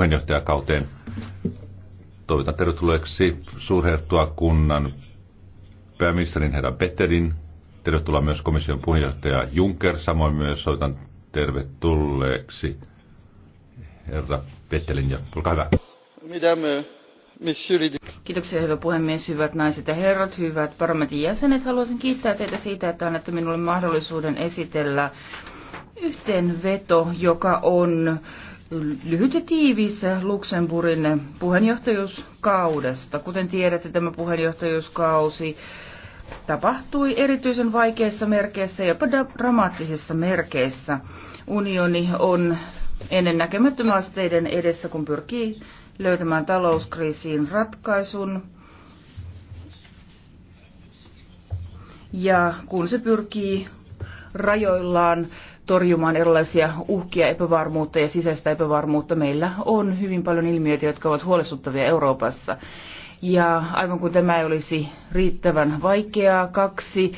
puheenjohtajakauteen. Toivotan tervetulleeksi kunnan pääministerin herra Petterin. Tervetuloa myös komission puheenjohtaja Juncker, samoin myös soitan tervetulleeksi herra Petterin. ja olkaa hyvä. Madame, Kiitoksia hyvä puhemies, hyvät naiset ja herrat, hyvät parlamentin jäsenet. Haluaisin kiittää teitä siitä, että annatte minulle mahdollisuuden esitellä yhteenveto, joka on lyhyt ja tiivis Luxemburgin puheenjohtajuuskaudesta. Kuten tiedätte, tämä puheenjohtajuuskausi tapahtui erityisen vaikeissa merkeissä, jopa dramaattisissa merkeissä. Unioni on ennen näkemättömän asteiden edessä, kun pyrkii löytämään talouskriisiin ratkaisun. Ja kun se pyrkii rajoillaan torjumaan erilaisia uhkia, epävarmuutta ja sisäistä epävarmuutta. Meillä on hyvin paljon ilmiöitä, jotka ovat huolestuttavia Euroopassa. Ja aivan kuin tämä ei olisi riittävän vaikeaa, kaksi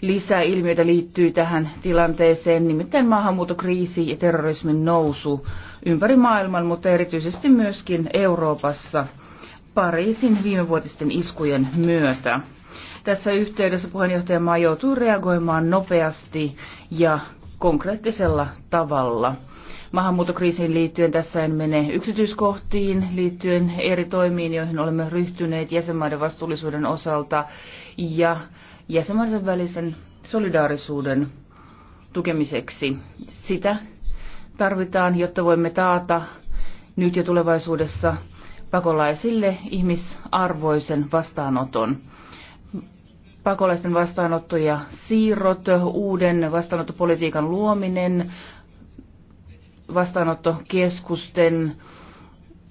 lisäilmiötä liittyy tähän tilanteeseen, nimittäin maahanmuutokriisi ja terrorismin nousu ympäri maailman, mutta erityisesti myöskin Euroopassa Pariisin viimevuotisten iskujen myötä. Tässä yhteydessä maa joutuu reagoimaan nopeasti ja konkreettisella tavalla. Maahanmuutokriisiin liittyen tässä en mene yksityiskohtiin liittyen eri toimiin, joihin olemme ryhtyneet jäsenmaiden vastuullisuuden osalta ja jäsenmaiden välisen solidaarisuuden tukemiseksi. Sitä tarvitaan, jotta voimme taata nyt ja tulevaisuudessa pakolaisille ihmisarvoisen vastaanoton pakolaisten vastaanotto ja siirrot, uuden vastaanottopolitiikan luominen, vastaanottokeskusten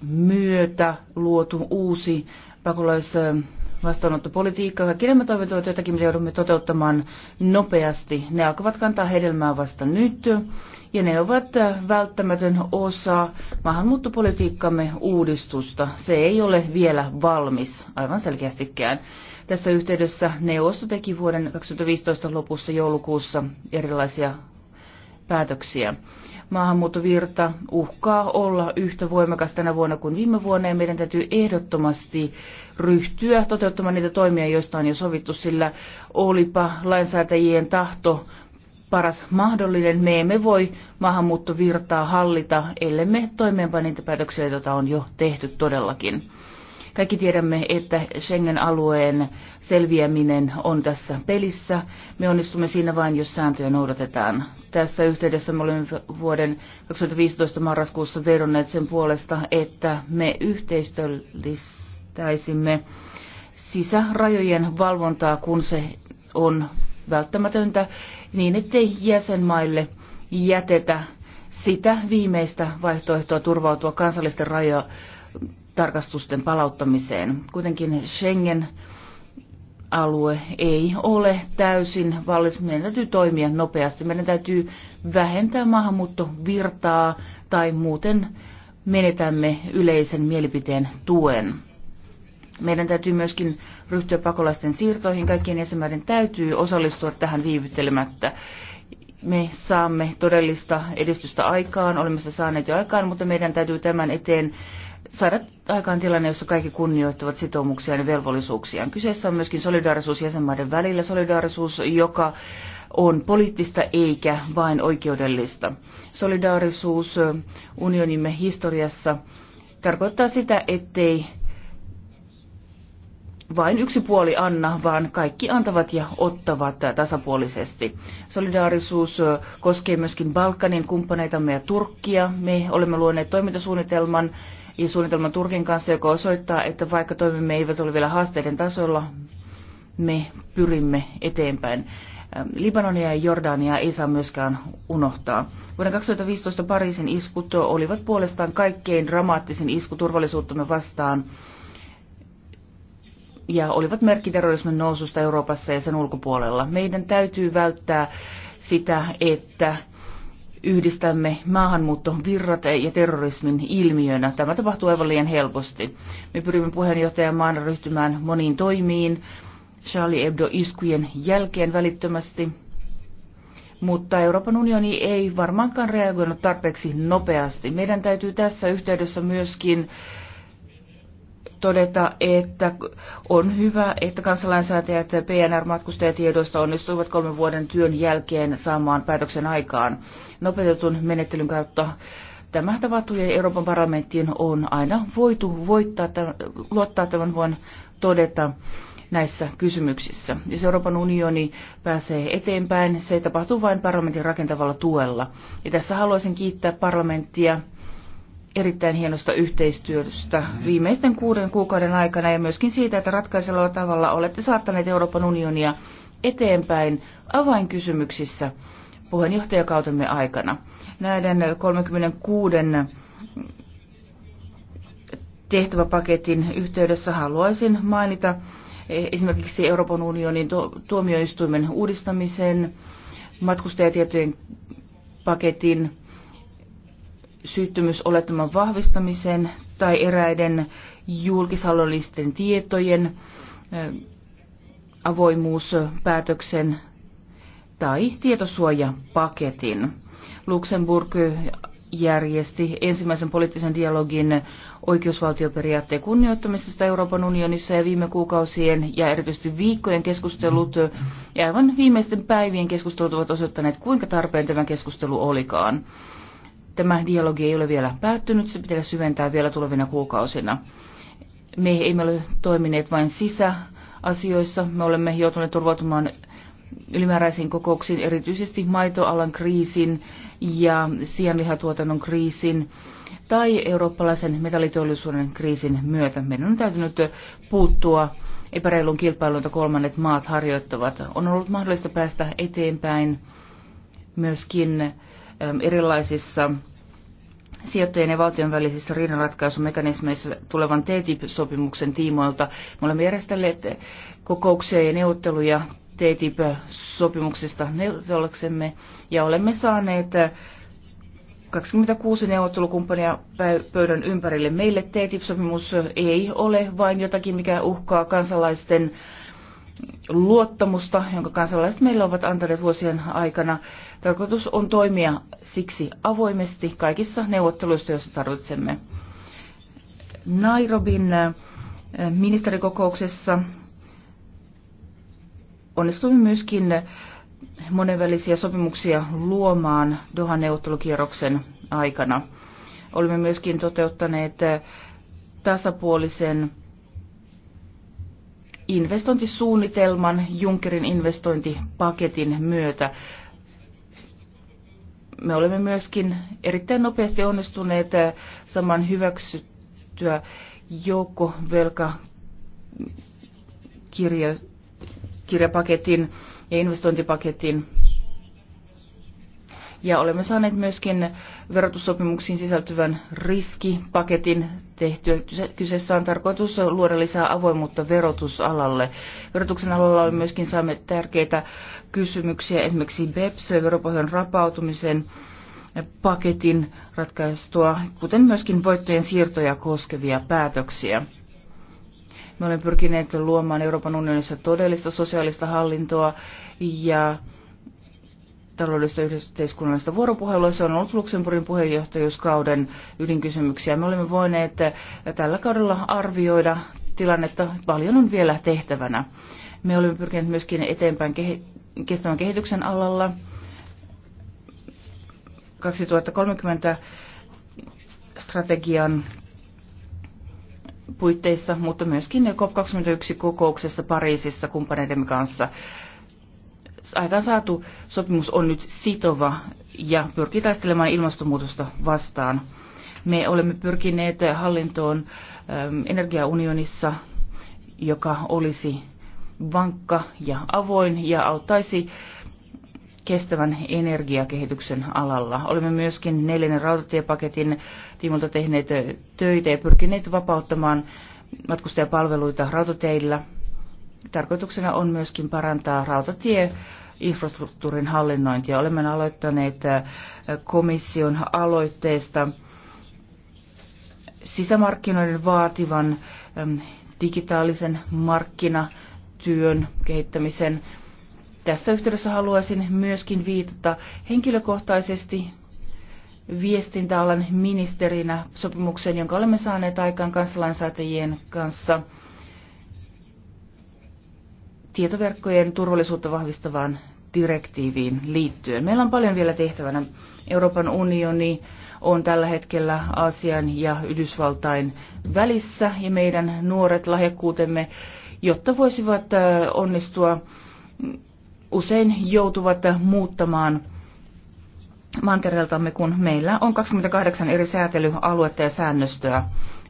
myötä luotu uusi pakolais- vastaanottopolitiikkaa. Kaikki nämä toimet ovat jotakin, mitä joudumme toteuttamaan nopeasti. Ne alkavat kantaa hedelmää vasta nyt, ja ne ovat välttämätön osa maahanmuuttopolitiikkamme uudistusta. Se ei ole vielä valmis, aivan selkeästikään. Tässä yhteydessä neuvosto teki vuoden 2015 lopussa joulukuussa erilaisia päätöksiä maahanmuuttovirta uhkaa olla yhtä voimakas tänä vuonna kuin viime vuonna ja meidän täytyy ehdottomasti ryhtyä toteuttamaan niitä toimia, joista on jo sovittu, sillä olipa lainsäätäjien tahto paras mahdollinen. Me emme voi maahanmuuttovirtaa hallita, ellei me toimeenpa niitä päätöksiä, joita on jo tehty todellakin. Kaikki tiedämme, että Schengen-alueen selviäminen on tässä pelissä. Me onnistumme siinä vain, jos sääntöjä noudatetaan. Tässä yhteydessä me olemme vuoden 2015 marraskuussa vedonneet sen puolesta, että me yhteistyöllistäisimme sisärajojen valvontaa, kun se on välttämätöntä, niin ettei jäsenmaille jätetä sitä viimeistä vaihtoehtoa turvautua kansallisten rajojen tarkastusten palauttamiseen. Kuitenkin Schengen alue ei ole täysin valmis. Meidän täytyy toimia nopeasti. Meidän täytyy vähentää maahanmuuttovirtaa tai muuten menetämme yleisen mielipiteen tuen. Meidän täytyy myöskin ryhtyä pakolaisten siirtoihin. Kaikkien jäsenmaiden täytyy osallistua tähän viivyttelemättä. Me saamme todellista edistystä aikaan, olemme saaneet jo aikaan, mutta meidän täytyy tämän eteen saada aikaan tilanne, jossa kaikki kunnioittavat sitoumuksia ja velvollisuuksia, Kyseessä on myöskin solidaarisuus jäsenmaiden välillä, solidaarisuus, joka on poliittista eikä vain oikeudellista. Solidaarisuus unionimme historiassa tarkoittaa sitä, ettei vain yksi puoli anna, vaan kaikki antavat ja ottavat tasapuolisesti. Solidaarisuus koskee myöskin Balkanin kumppaneitamme ja Turkkia. Me olemme luoneet toimintasuunnitelman, ja suunnitelma Turkin kanssa, joka osoittaa, että vaikka toimimme eivät ole vielä haasteiden tasolla, me pyrimme eteenpäin. Ähm, Libanonia ja Jordania ei saa myöskään unohtaa. Vuonna 2015 Pariisin iskut olivat puolestaan kaikkein dramaattisin isku turvallisuuttamme vastaan ja olivat merkki terrorismin noususta Euroopassa ja sen ulkopuolella. Meidän täytyy välttää sitä, että yhdistämme virrat ja terrorismin ilmiönä. Tämä tapahtuu aivan liian helposti. Me pyrimme puheenjohtajan maana ryhtymään moniin toimiin Charlie Hebdo-iskujen jälkeen välittömästi, mutta Euroopan unioni ei varmaankaan reagoinut tarpeeksi nopeasti. Meidän täytyy tässä yhteydessä myöskin todeta, että on hyvä, että kansalainsäätäjät PNR-matkustajatiedoista onnistuivat kolmen vuoden työn jälkeen saamaan päätöksen aikaan nopeutetun menettelyn kautta. Tämä tapahtui ja Euroopan parlamenttiin on aina voitu voittaa, luottaa tämän voin todeta näissä kysymyksissä. Jos Euroopan unioni pääsee eteenpäin, se tapahtuu vain parlamentin rakentavalla tuella. Ja tässä haluaisin kiittää parlamenttia erittäin hienosta yhteistyöstä viimeisten kuuden kuukauden aikana ja myöskin siitä, että ratkaisella tavalla olette saattaneet Euroopan unionia eteenpäin avainkysymyksissä puheenjohtajakautemme aikana. Näiden 36 tehtäväpaketin yhteydessä haluaisin mainita esimerkiksi Euroopan unionin tuomioistuimen uudistamisen, matkustajatietojen paketin, syyttömyysolettaman vahvistamisen tai eräiden julkishallollisten tietojen avoimuuspäätöksen tai tietosuojapaketin. Luxemburg järjesti ensimmäisen poliittisen dialogin oikeusvaltioperiaatteen kunnioittamisesta Euroopan unionissa ja viime kuukausien ja erityisesti viikkojen keskustelut ja aivan viimeisten päivien keskustelut ovat osoittaneet, kuinka tarpeen tämä keskustelu olikaan. Tämä dialogi ei ole vielä päättynyt, se pitää syventää vielä tulevina kuukausina. Me emme ole toimineet vain sisäasioissa, me olemme joutuneet turvautumaan ylimääräisiin kokouksiin, erityisesti maitoalan kriisin ja sianlihatuotannon kriisin tai eurooppalaisen metalliteollisuuden kriisin myötä. Meidän on täytynyt puuttua epäreilun kilpailuun, jota kolmannet maat harjoittavat. On ollut mahdollista päästä eteenpäin myöskin erilaisissa sijoittajien ja valtion välisissä riidanratkaisumekanismeissa tulevan TTIP-sopimuksen tiimoilta. Me olemme järjestelleet kokouksia ja neuvotteluja TTIP-sopimuksesta neuvotteluksemme ja olemme saaneet 26 neuvottelukumppania pöydän ympärille. Meille TTIP-sopimus ei ole vain jotakin, mikä uhkaa kansalaisten luottamusta, jonka kansalaiset meille ovat antaneet vuosien aikana. Tarkoitus on toimia siksi avoimesti kaikissa neuvotteluissa, joissa tarvitsemme. Nairobin eh, ministerikokouksessa onnistuimme myöskin monenvälisiä sopimuksia luomaan Dohan neuvottelukierroksen aikana. Olemme myöskin toteuttaneet eh, tasapuolisen investointisuunnitelman Junckerin investointipaketin myötä. Me olemme myöskin erittäin nopeasti onnistuneet eh, saman hyväksyttyä joukkovelkakirjapaketin ja investointipaketin ja olemme saaneet myöskin verotussopimuksiin sisältyvän riskipaketin tehtyä. Kyseessä on tarkoitus luoda lisää avoimuutta verotusalalle. Verotuksen alalla on myöskin saamme tärkeitä kysymyksiä, esimerkiksi BEPS, veropohjan rapautumisen paketin ratkaistua, kuten myöskin voittojen siirtoja koskevia päätöksiä. Me olemme pyrkineet luomaan Euroopan unionissa todellista sosiaalista hallintoa ja taloudellista yhteiskunnallista vuoropuhelua. Se on ollut Luxemburgin puheenjohtajuuskauden ydinkysymyksiä. Me olemme voineet tällä kaudella arvioida tilannetta. Paljon on vielä tehtävänä. Me olemme pyrkineet myöskin eteenpäin kestävän kehityksen alalla. 2030 strategian puitteissa, mutta myöskin COP21-kokouksessa Pariisissa kumppaneidemme kanssa aikaan saatu sopimus on nyt sitova ja pyrkii taistelemaan ilmastonmuutosta vastaan. Me olemme pyrkineet hallintoon ähm, energiaunionissa, joka olisi vankka ja avoin ja auttaisi kestävän energiakehityksen alalla. Olemme myöskin neljännen rautatiepaketin tiimolta tehneet töitä ja pyrkineet vapauttamaan matkustajapalveluita rautateillä – Tarkoituksena on myöskin parantaa rautatie infrastruktuurin hallinnointia. Olemme aloittaneet äh, komission aloitteesta sisämarkkinoiden vaativan digitaalisen markkinatyön kehittämisen. Tässä yhteydessä haluaisin myöskin viitata henkilökohtaisesti viestintäalan ministerinä sopimukseen, jonka olemme saaneet aikaan kansalaisäätäjien kanssa – tietoverkkojen turvallisuutta vahvistavaan direktiiviin liittyen. Meillä on paljon vielä tehtävänä. Euroopan unioni on tällä hetkellä Aasian ja Yhdysvaltain välissä ja meidän nuoret lahjakkuutemme, jotta voisivat onnistua, usein joutuvat muuttamaan mantereeltamme, kun meillä on 28 eri säätelyaluetta ja säännöstöä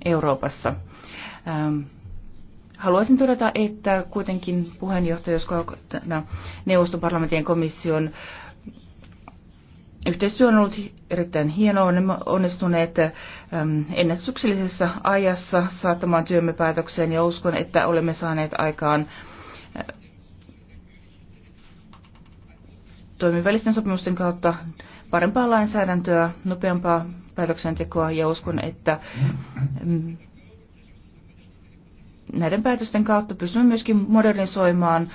Euroopassa. Haluaisin todeta, että kuitenkin puheenjohtajuuskautena neuvoston parlamentin komission yhteistyö on ollut erittäin hienoa. Olemme onnistuneet ennätyksellisessä ajassa saattamaan työmme päätökseen ja uskon, että olemme saaneet aikaan äh, toimivälisten sopimusten kautta parempaa lainsäädäntöä, nopeampaa päätöksentekoa ja uskon, että näiden päätösten kautta pystymme myöskin modernisoimaan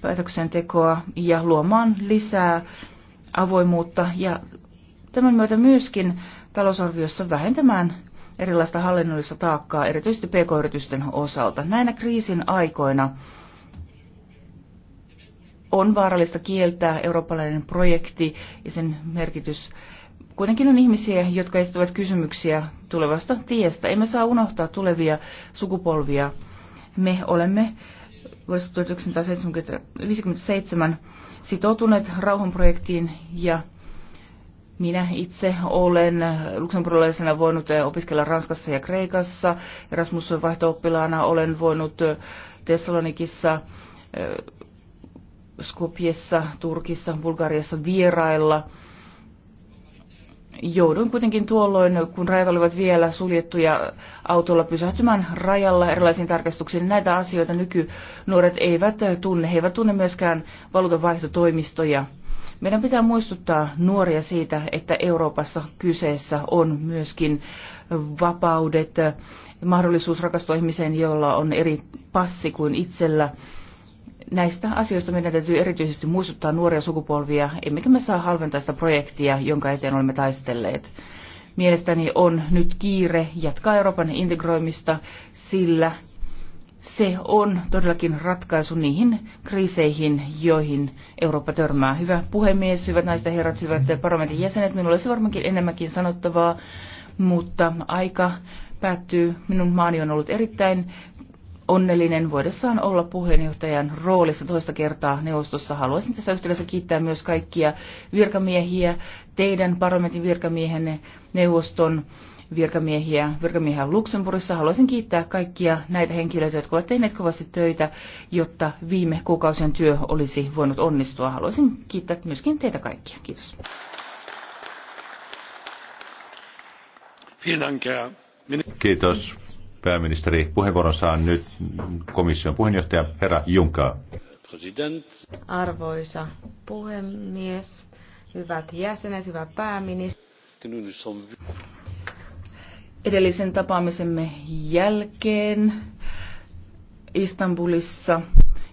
päätöksentekoa ja luomaan lisää avoimuutta ja tämän myötä myöskin talousarviossa vähentämään erilaista hallinnollista taakkaa, erityisesti pk-yritysten osalta. Näinä kriisin aikoina on vaarallista kieltää eurooppalainen projekti ja sen merkitys. Kuitenkin on ihmisiä, jotka esittävät kysymyksiä tulevasta tiestä. Emme saa unohtaa tulevia sukupolvia me olemme vuodesta 1957 sitoutuneet rauhanprojektiin ja minä itse olen luksemburilaisena voinut opiskella Ranskassa ja Kreikassa. Erasmus vaihto-oppilaana olen voinut Thessalonikissa, eh, Skopjessa, Turkissa, Bulgariassa vierailla – jouduin kuitenkin tuolloin, kun rajat olivat vielä suljettuja autolla pysähtymään rajalla erilaisiin tarkastuksiin. Näitä asioita nykynuoret eivät tunne. He eivät tunne myöskään valuutanvaihtotoimistoja. Meidän pitää muistuttaa nuoria siitä, että Euroopassa kyseessä on myöskin vapaudet, mahdollisuus rakastua ihmiseen, jolla on eri passi kuin itsellä Näistä asioista meidän täytyy erityisesti muistuttaa nuoria sukupolvia, emmekä me saa halventaa sitä projektia, jonka eteen olemme taistelleet. Mielestäni on nyt kiire jatkaa Euroopan integroimista, sillä se on todellakin ratkaisu niihin kriiseihin, joihin Eurooppa törmää. Hyvä puhemies, hyvät naiset ja herrat, hyvät parlamentin jäsenet, minulla olisi varmaankin enemmänkin sanottavaa, mutta aika päättyy. Minun maani on ollut erittäin onnellinen voidessaan olla puheenjohtajan roolissa toista kertaa neuvostossa. Haluaisin tässä yhteydessä kiittää myös kaikkia virkamiehiä, teidän parlamentin virkamiehenne, neuvoston virkamiehiä, virkamiehiä Luxemburgissa. Haluaisin kiittää kaikkia näitä henkilöitä, jotka ovat tehneet kovasti töitä, jotta viime kuukausien työ olisi voinut onnistua. Haluaisin kiittää myöskin teitä kaikkia. Kiitos. Kiitos pääministeri. Puheenvuoron on nyt komission puheenjohtaja herra Juncker. Arvoisa puhemies, hyvät jäsenet, hyvä pääministeri. Edellisen tapaamisemme jälkeen Istanbulissa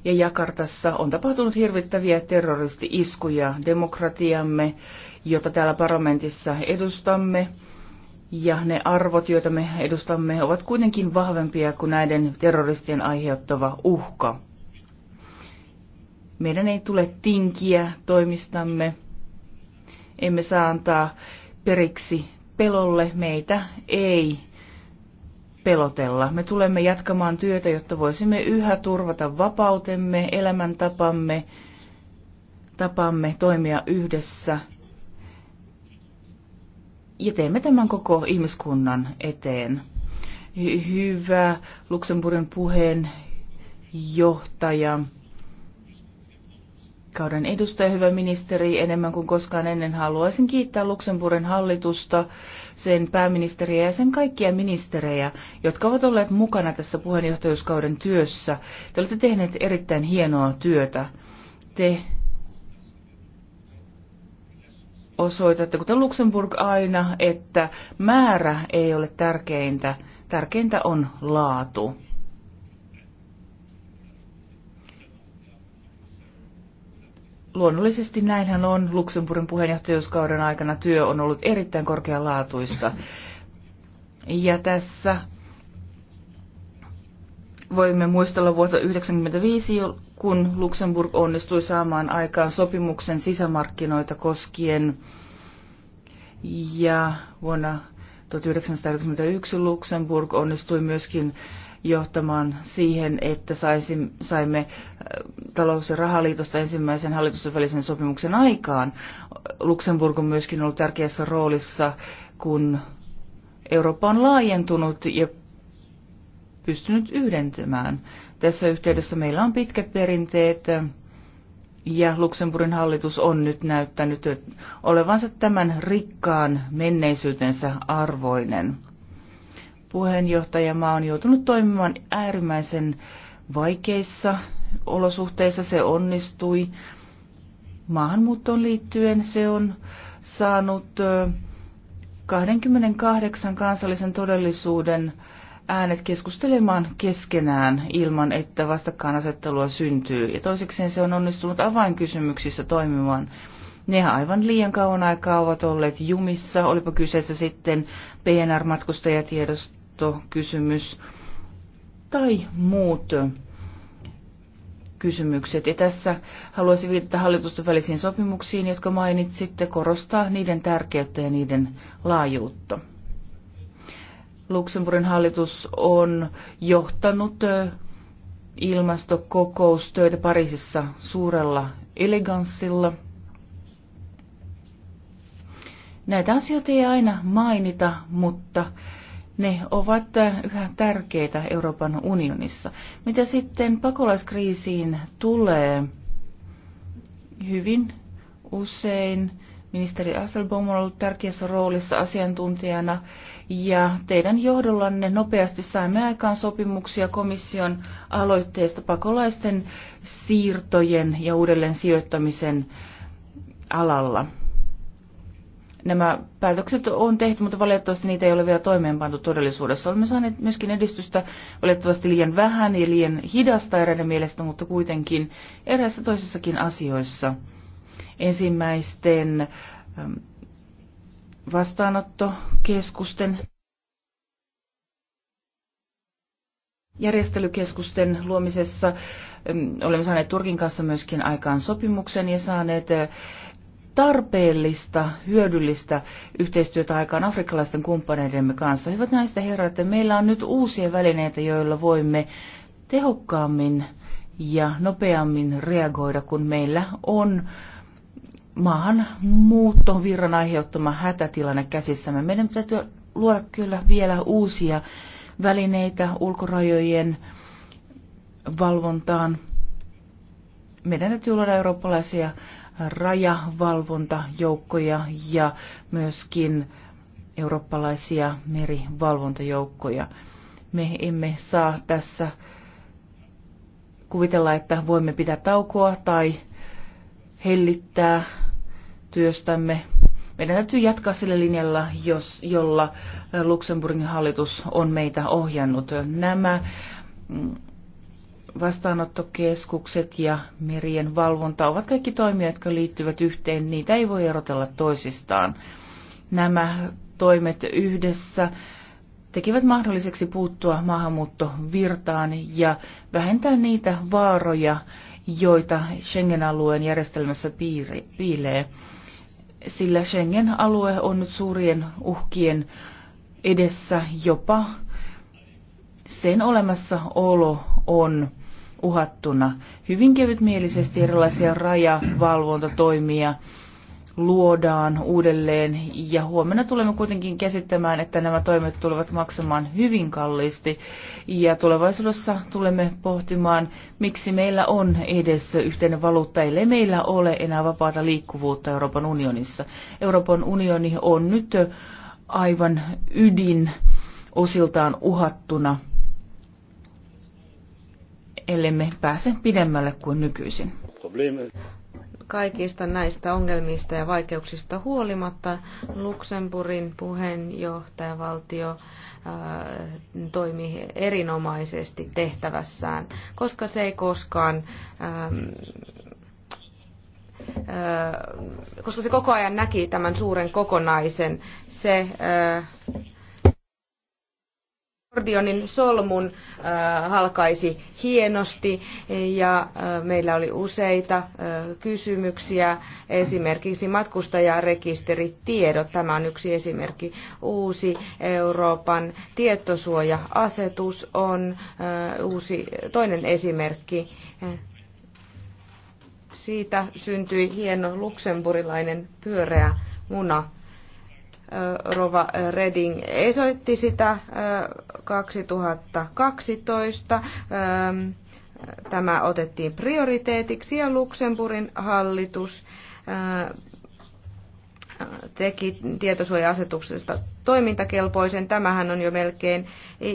ja Jakartassa on tapahtunut hirvittäviä terroristi-iskuja demokratiamme, jota täällä parlamentissa edustamme ja ne arvot, joita me edustamme, ovat kuitenkin vahvempia kuin näiden terroristien aiheuttava uhka. Meidän ei tule tinkiä toimistamme. Emme saa antaa periksi pelolle. Meitä ei pelotella. Me tulemme jatkamaan työtä, jotta voisimme yhä turvata vapautemme, elämäntapamme, tapamme toimia yhdessä – ja teemme tämän koko ihmiskunnan eteen. Hyvä Luxemburgin puheen johtaja, kauden edustaja, hyvä ministeri, enemmän kuin koskaan ennen haluaisin kiittää Luxemburgin hallitusta, sen pääministeriä ja sen kaikkia ministerejä, jotka ovat olleet mukana tässä puheenjohtajuuskauden työssä. Te olette tehneet erittäin hienoa työtä. Te osoitatte, kuten Luxemburg aina, että määrä ei ole tärkeintä, tärkeintä on laatu. Luonnollisesti näinhän on. Luxemburgin puheenjohtajuuskauden aikana työ on ollut erittäin korkealaatuista. Ja tässä voimme muistella vuotta 1995, kun Luxemburg onnistui saamaan aikaan sopimuksen sisämarkkinoita koskien. Ja vuonna 1991 Luxemburg onnistui myöskin johtamaan siihen, että saisim, saimme äh, talous- ja rahaliitosta ensimmäisen hallitusten välisen sopimuksen aikaan. Luxemburg on myöskin ollut tärkeässä roolissa, kun Eurooppa on laajentunut ja pystynyt yhdentymään. Tässä yhteydessä meillä on pitkät perinteet ja Luxemburgin hallitus on nyt näyttänyt olevansa tämän rikkaan menneisyytensä arvoinen. Puheenjohtajamaa on joutunut toimimaan äärimmäisen vaikeissa olosuhteissa. Se onnistui maahanmuuttoon liittyen. Se on saanut 28 kansallisen todellisuuden äänet keskustelemaan keskenään ilman, että vastakkainasettelua syntyy. Ja toisekseen se on onnistunut avainkysymyksissä toimimaan. Ne aivan liian kauan aikaa ovat olleet jumissa, olipa kyseessä sitten PNR-matkustajatiedostokysymys tai muut kysymykset. Ja tässä haluaisin viitata hallitusten välisiin sopimuksiin, jotka mainitsitte, korostaa niiden tärkeyttä ja niiden laajuutta. Luxemburgin hallitus on johtanut ilmastokokoustöitä Pariisissa suurella eleganssilla. Näitä asioita ei aina mainita, mutta ne ovat yhä tärkeitä Euroopan unionissa. Mitä sitten pakolaiskriisiin tulee, hyvin usein ministeri Asselbaum on ollut tärkeässä roolissa asiantuntijana ja teidän johdollanne nopeasti saimme aikaan sopimuksia komission aloitteesta pakolaisten siirtojen ja uudelleen sijoittamisen alalla. Nämä päätökset on tehty, mutta valitettavasti niitä ei ole vielä toimeenpantu todellisuudessa. Olemme saaneet myöskin edistystä valitettavasti liian vähän ja liian hidasta eräiden mielestä, mutta kuitenkin eräissä toisissakin asioissa. Ensimmäisten vastaanottokeskusten järjestelykeskusten luomisessa. Olemme saaneet Turkin kanssa myöskin aikaan sopimuksen ja saaneet eh, tarpeellista, hyödyllistä yhteistyötä aikaan afrikkalaisten kumppaneidemme kanssa. Hyvät näistä herrat, herrat, meillä on nyt uusia välineitä, joilla voimme tehokkaammin ja nopeammin reagoida, kun meillä on maahan virran aiheuttama hätätilanne käsissämme. Meidän täytyy luoda kyllä vielä uusia välineitä ulkorajojen valvontaan. Meidän täytyy luoda eurooppalaisia rajavalvontajoukkoja ja myöskin eurooppalaisia merivalvontajoukkoja. Me emme saa tässä kuvitella, että voimme pitää taukoa tai hellittää työstämme. Meidän täytyy jatkaa sillä linjalla, jos, jolla Luxemburgin hallitus on meitä ohjannut. Nämä mm, vastaanottokeskukset ja merien valvonta ovat kaikki toimia, jotka liittyvät yhteen. Niitä ei voi erotella toisistaan. Nämä toimet yhdessä tekevät mahdolliseksi puuttua maahanmuuttovirtaan ja vähentää niitä vaaroja, joita Schengen-alueen järjestelmässä piilee sillä Schengen-alue on nyt suurien uhkien edessä jopa sen olemassaolo on uhattuna. Hyvin kevytmielisesti erilaisia rajavalvontatoimia luodaan uudelleen. Ja huomenna tulemme kuitenkin käsittämään, että nämä toimet tulevat maksamaan hyvin kalliisti. Ja tulevaisuudessa tulemme pohtimaan, miksi meillä on edes yhteinen valuutta, ellei meillä ole enää vapaata liikkuvuutta Euroopan unionissa. Euroopan unioni on nyt aivan ydin osiltaan uhattuna, ellemme pääse pidemmälle kuin nykyisin. Kaikista näistä ongelmista ja vaikeuksista huolimatta Luxemburgin puheenjohtajavaltio äh, toimi erinomaisesti tehtävässään, koska se ei koskaan ähm, äh, koska se koko ajan näki tämän suuren kokonaisen, se äh, Akordionin solmun äh, halkaisi hienosti ja äh, meillä oli useita äh, kysymyksiä, esimerkiksi matkustajarekisteritiedot. Tämä on yksi esimerkki. Uusi Euroopan tietosuoja-asetus on uusi, toinen esimerkki. Siitä syntyi hieno luksemburilainen pyöreä muna. Rova Reding esoitti sitä 2012. Tämä otettiin prioriteetiksi ja Luxemburgin hallitus teki tietosuoja-asetuksesta toimintakelpoisen. Tämähän on jo melkein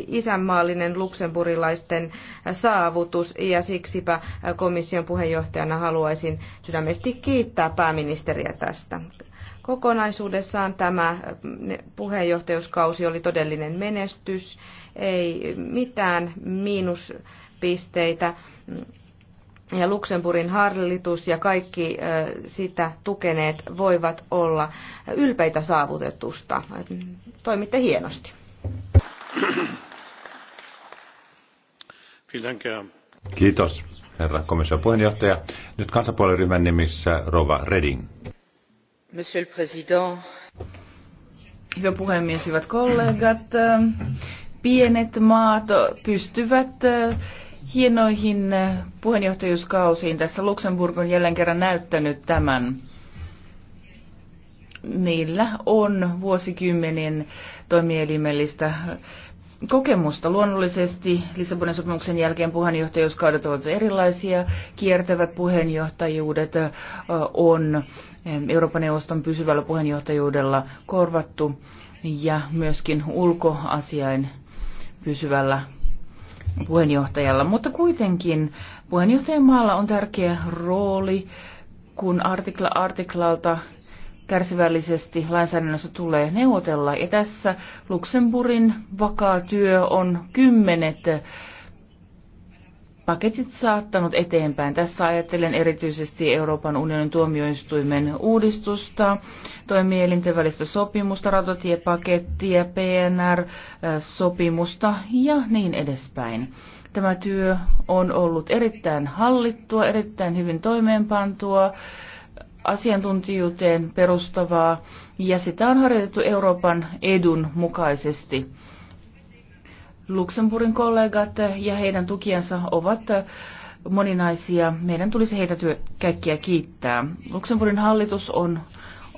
isänmaallinen luksemburilaisten saavutus ja siksipä komission puheenjohtajana haluaisin sydämesti kiittää pääministeriä tästä. Kokonaisuudessaan tämä äh, puheenjohtajuuskausi oli todellinen menestys, ei mitään miinuspisteitä. Ja Luxemburgin hallitus ja kaikki äh, sitä tukeneet voivat olla ylpeitä saavutetusta. Toimitte hienosti. Kiitos, herra komission puheenjohtaja. Nyt kansanpuoliryhmän nimissä Rova Reding. Monsieur le Président. puhemies, hyvät kollegat. Pienet maat pystyvät hienoihin puheenjohtajuuskausiin. Tässä Luxemburg on jälleen kerran näyttänyt tämän. Niillä on vuosikymmenien toimielimellistä kokemusta. Luonnollisesti Lissabonin sopimuksen jälkeen puheenjohtajuuskaudet ovat erilaisia. Kiertävät puheenjohtajuudet on Euroopan neuvoston pysyvällä puheenjohtajuudella korvattu ja myöskin ulkoasiain pysyvällä puheenjohtajalla. Mutta kuitenkin puheenjohtajamaalla on tärkeä rooli, kun artikla artiklalta kärsivällisesti lainsäädännössä tulee neuvotella. Ja tässä Luxemburgin vakaa työ on kymmenet paketit saattanut eteenpäin. Tässä ajattelen erityisesti Euroopan unionin tuomioistuimen uudistusta, toimielinten välistä sopimusta, rautatiepakettia, PNR-sopimusta ja niin edespäin. Tämä työ on ollut erittäin hallittua, erittäin hyvin toimeenpantua asiantuntijuuteen perustavaa ja sitä on harjoitettu Euroopan edun mukaisesti. Luxemburgin kollegat ja heidän tukiansa ovat moninaisia. Meidän tulisi heitä työ, kaikkia kiittää. Luxemburgin hallitus on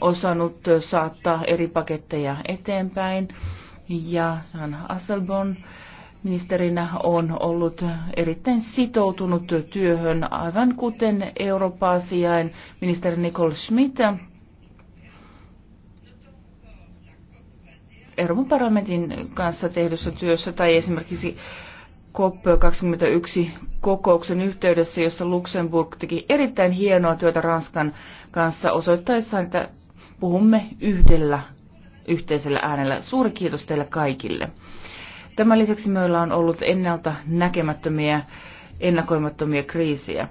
osannut saattaa eri paketteja eteenpäin ja Asselborn ministerinä on ollut erittäin sitoutunut työhön, aivan kuten Euroopan sijain ministeri Nicole Schmidt. Euroopan parlamentin kanssa tehdyssä työssä tai esimerkiksi COP21 kokouksen yhteydessä, jossa Luxemburg teki erittäin hienoa työtä Ranskan kanssa osoittaessaan, että puhumme yhdellä yhteisellä äänellä. Suuri kiitos teille kaikille. Tämän lisäksi meillä on ollut ennalta näkemättömiä, ennakoimattomia kriisiä.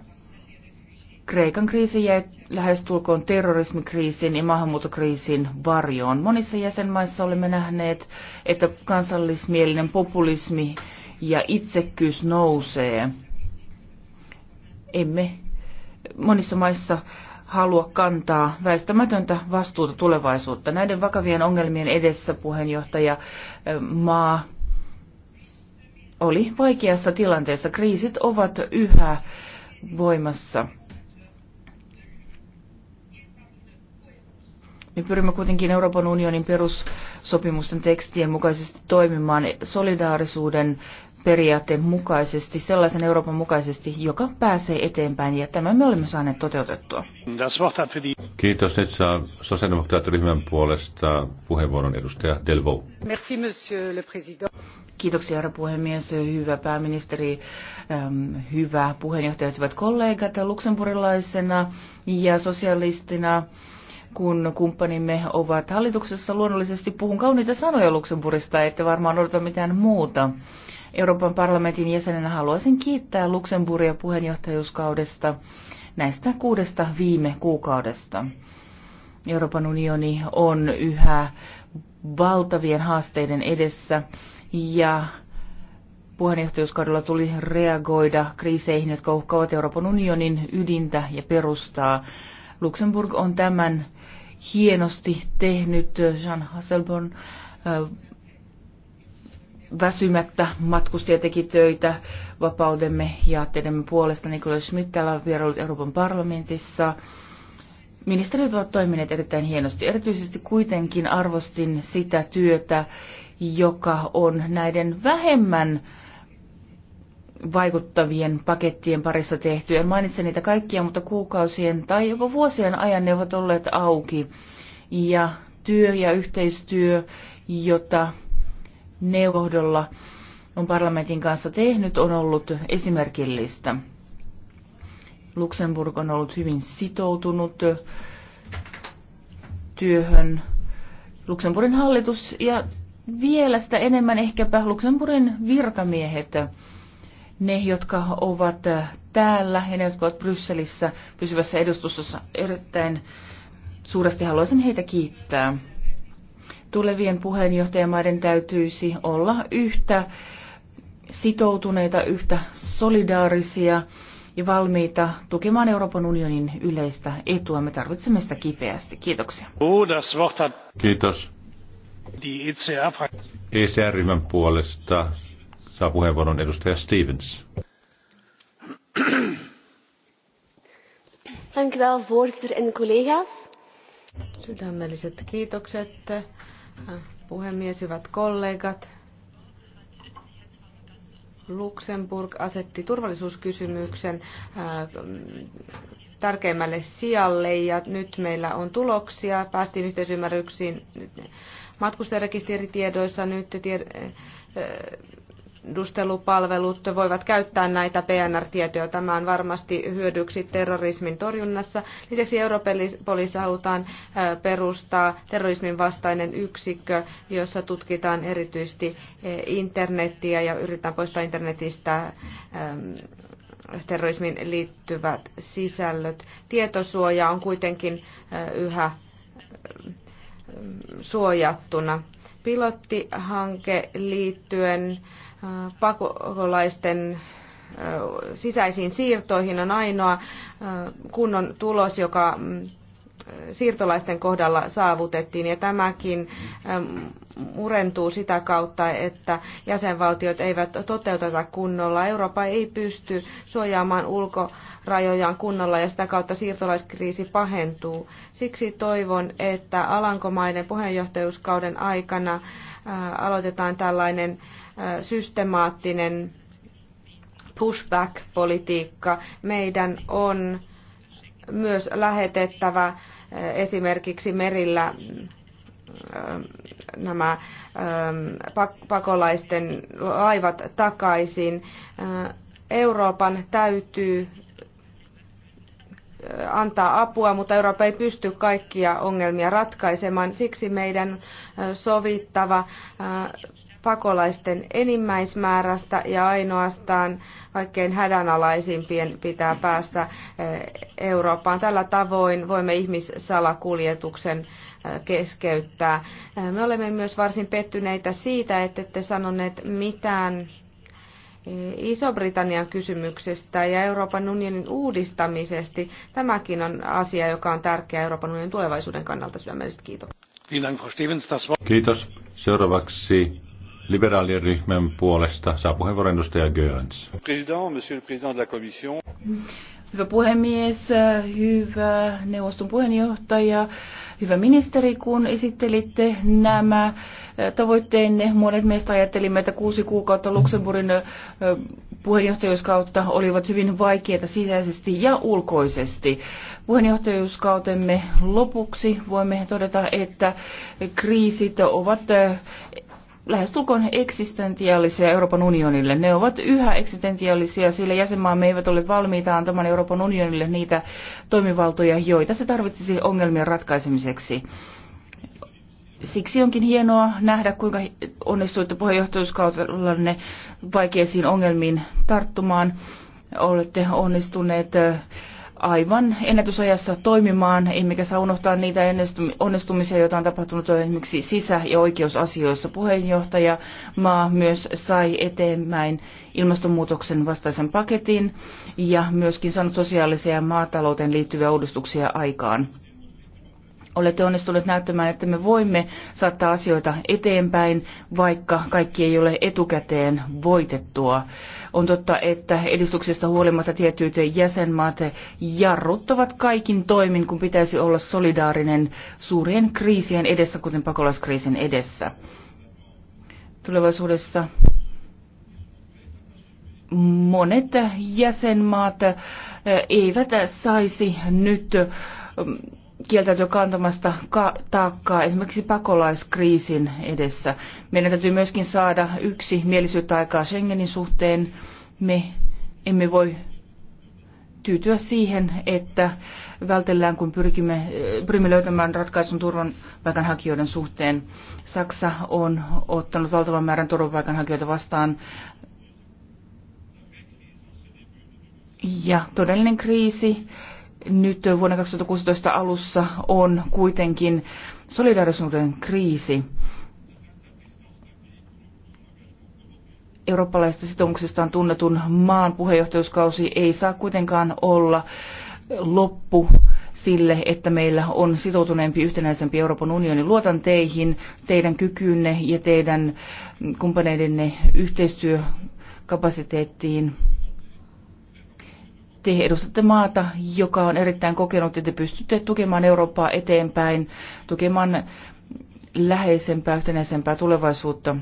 Kreikan kriisi jäi lähestulkoon terrorismikriisin ja maahanmuutokriisin varjoon. Monissa jäsenmaissa olemme nähneet, että kansallismielinen populismi ja itsekkyys nousee. Emme monissa maissa halua kantaa väistämätöntä vastuuta tulevaisuutta. Näiden vakavien ongelmien edessä puheenjohtaja maa oli vaikeassa tilanteessa. Kriisit ovat yhä voimassa. Me pyrimme kuitenkin Euroopan unionin perussopimusten tekstien mukaisesti toimimaan solidaarisuuden periaatteen mukaisesti, sellaisen Euroopan mukaisesti, joka pääsee eteenpäin, ja tämä me olemme saaneet toteutettua. Kiitos. Nyt saa sosiaalidemokraattiryhmän puolesta puheenvuoron edustaja Delvaux. Merci, monsieur le président. Kiitoksia, herra puhemies. Hyvä pääministeri, ähm, hyvä puheenjohtaja, hyvät kollegat. Luksemburilaisena ja sosialistina kun kumppanimme ovat hallituksessa. Luonnollisesti puhun kauniita sanoja Luxemburgista, ette varmaan odota mitään muuta. Euroopan parlamentin jäsenenä haluaisin kiittää Luxemburgia puheenjohtajuuskaudesta näistä kuudesta viime kuukaudesta. Euroopan unioni on yhä valtavien haasteiden edessä ja puheenjohtajuuskaudella tuli reagoida kriiseihin, jotka uhkaavat Euroopan unionin ydintä ja perustaa. Luxemburg on tämän hienosti tehnyt Jean Hasselborn väsymättä matkusti ja teki töitä vapaudemme ja teidemme puolesta. Nikola Schmidt täällä on vierailut Euroopan parlamentissa. Ministerit ovat toimineet erittäin hienosti. Erityisesti kuitenkin arvostin sitä työtä, joka on näiden vähemmän vaikuttavien pakettien parissa tehty. En mainitse niitä kaikkia, mutta kuukausien tai jopa vuosien ajan ne ovat olleet auki. Ja työ ja yhteistyö, jota neuvohdolla on parlamentin kanssa tehnyt, on ollut esimerkillistä. Luxemburg on ollut hyvin sitoutunut työhön. Luxemburgin hallitus ja vielä sitä enemmän ehkäpä Luxemburgin virkamiehet, ne jotka ovat täällä ja ne jotka ovat Brysselissä pysyvässä edustustossa erittäin suuresti haluaisin heitä kiittää tulevien puheenjohtajamaiden täytyisi olla yhtä sitoutuneita, yhtä solidaarisia ja valmiita tukemaan Euroopan unionin yleistä etua. Me tarvitsemme sitä kipeästi. Kiitoksia. Kiitos. ECR-ryhmän puolesta saa puheenvuoron edustaja Stevens. Dank voorzitter en collega's. Sydämelliset kiitokset Puhemies, hyvät kollegat. Luxemburg asetti turvallisuuskysymyksen äh, tärkeimmälle sijalle ja nyt meillä on tuloksia. Päästiin yhteisymmärryksiin matkustajarekisteritiedoissa nyt tied- äh, tiedustelupalvelut voivat käyttää näitä PNR-tietoja. Tämä on varmasti hyödyksi terrorismin torjunnassa. Lisäksi Europolissa halutaan perustaa terrorismin vastainen yksikkö, jossa tutkitaan erityisesti internettiä ja yritetään poistaa internetistä terrorismiin liittyvät sisällöt. Tietosuoja on kuitenkin yhä suojattuna. Pilottihanke liittyen pakolaisten sisäisiin siirtoihin on ainoa kunnon tulos, joka mm, siirtolaisten kohdalla saavutettiin. Ja tämäkin murentuu sitä kautta, että jäsenvaltiot eivät toteuteta kunnolla. Eurooppa ei pysty suojaamaan ulkorajojaan kunnolla ja sitä kautta siirtolaiskriisi pahentuu. Siksi toivon, että Alankomaiden puheenjohtajuuskauden aikana aloitetaan tällainen systemaattinen pushback-politiikka. Meidän on myös lähetettävä esimerkiksi merillä nämä pakolaisten laivat takaisin. Euroopan täytyy antaa apua, mutta Eurooppa ei pysty kaikkia ongelmia ratkaisemaan. Siksi meidän sovittava pakolaisten enimmäismäärästä ja ainoastaan kaikkein hädänalaisimpien pitää päästä eh, Eurooppaan. Tällä tavoin voimme ihmissalakuljetuksen eh, keskeyttää. Eh, me olemme myös varsin pettyneitä siitä, että ette sanoneet mitään Iso-Britannian kysymyksestä ja Euroopan unionin uudistamisesta. Tämäkin on asia, joka on tärkeä Euroopan unionin tulevaisuuden kannalta. Sydämelliset kiitos. Kiitos. Seuraavaksi liberaalien ryhmän puolesta. Saa puheenvuoron edustaja Göns. Hyvä puhemies, hyvä neuvoston puheenjohtaja, hyvä ministeri, kun esittelitte nämä tavoitteenne. Monet meistä ajattelimme, että kuusi kuukautta Luxemburgin puheenjohtajuuskautta olivat hyvin vaikeita sisäisesti ja ulkoisesti. Puheenjohtajuuskautemme lopuksi voimme todeta, että kriisit ovat lähestulkoon eksistentiaalisia Euroopan unionille. Ne ovat yhä eksistentiaalisia, sillä jäsenmaamme eivät ole valmiita antamaan Euroopan unionille niitä toimivaltoja, joita se tarvitsisi ongelmien ratkaisemiseksi. Siksi onkin hienoa nähdä, kuinka onnistuitte puheenjohtajuuskautellanne vaikeisiin ongelmiin tarttumaan. Olette onnistuneet aivan ennätysajassa toimimaan, emmekä saa unohtaa niitä onnistumisia, joita on tapahtunut esimerkiksi sisä- ja oikeusasioissa. Puheenjohtaja maa myös sai eteenpäin ilmastonmuutoksen vastaisen paketin ja myöskin saanut sosiaalisia ja maatalouteen liittyviä uudistuksia aikaan. Olette onnistuneet näyttämään, että me voimme saattaa asioita eteenpäin, vaikka kaikki ei ole etukäteen voitettua. On totta, että edistyksestä huolimatta tietyt jäsenmaat jarruttavat kaikin toimin, kun pitäisi olla solidaarinen suurien kriisien edessä, kuten pakolaiskriisin edessä. Tulevaisuudessa monet jäsenmaat eh, eivät saisi nyt mm, kieltäytyä kantamasta ka- taakkaa esimerkiksi pakolaiskriisin edessä. Meidän täytyy myöskin saada yksi mielisyyttä aikaa Schengenin suhteen. Me emme voi tyytyä siihen, että vältellään, kun pyrkimme, pyrimme löytämään ratkaisun turvapaikanhakijoiden suhteen. Saksa on ottanut valtavan määrän turvapaikanhakijoita vastaan. Ja todellinen kriisi nyt vuonna 2016 alussa on kuitenkin solidaarisuuden kriisi. Eurooppalaisista sitoumuksistaan tunnetun maan puheenjohtajuuskausi ei saa kuitenkaan olla loppu sille, että meillä on sitoutuneempi, yhtenäisempi Euroopan unioni. Luotan teihin, teidän kykyynne ja teidän kumppaneidenne yhteistyökapasiteettiin. Te edustatte maata, joka on erittäin kokenut, että te pystytte tukemaan Eurooppaa eteenpäin, tukemaan läheisempää, yhtenäisempää tulevaisuutta.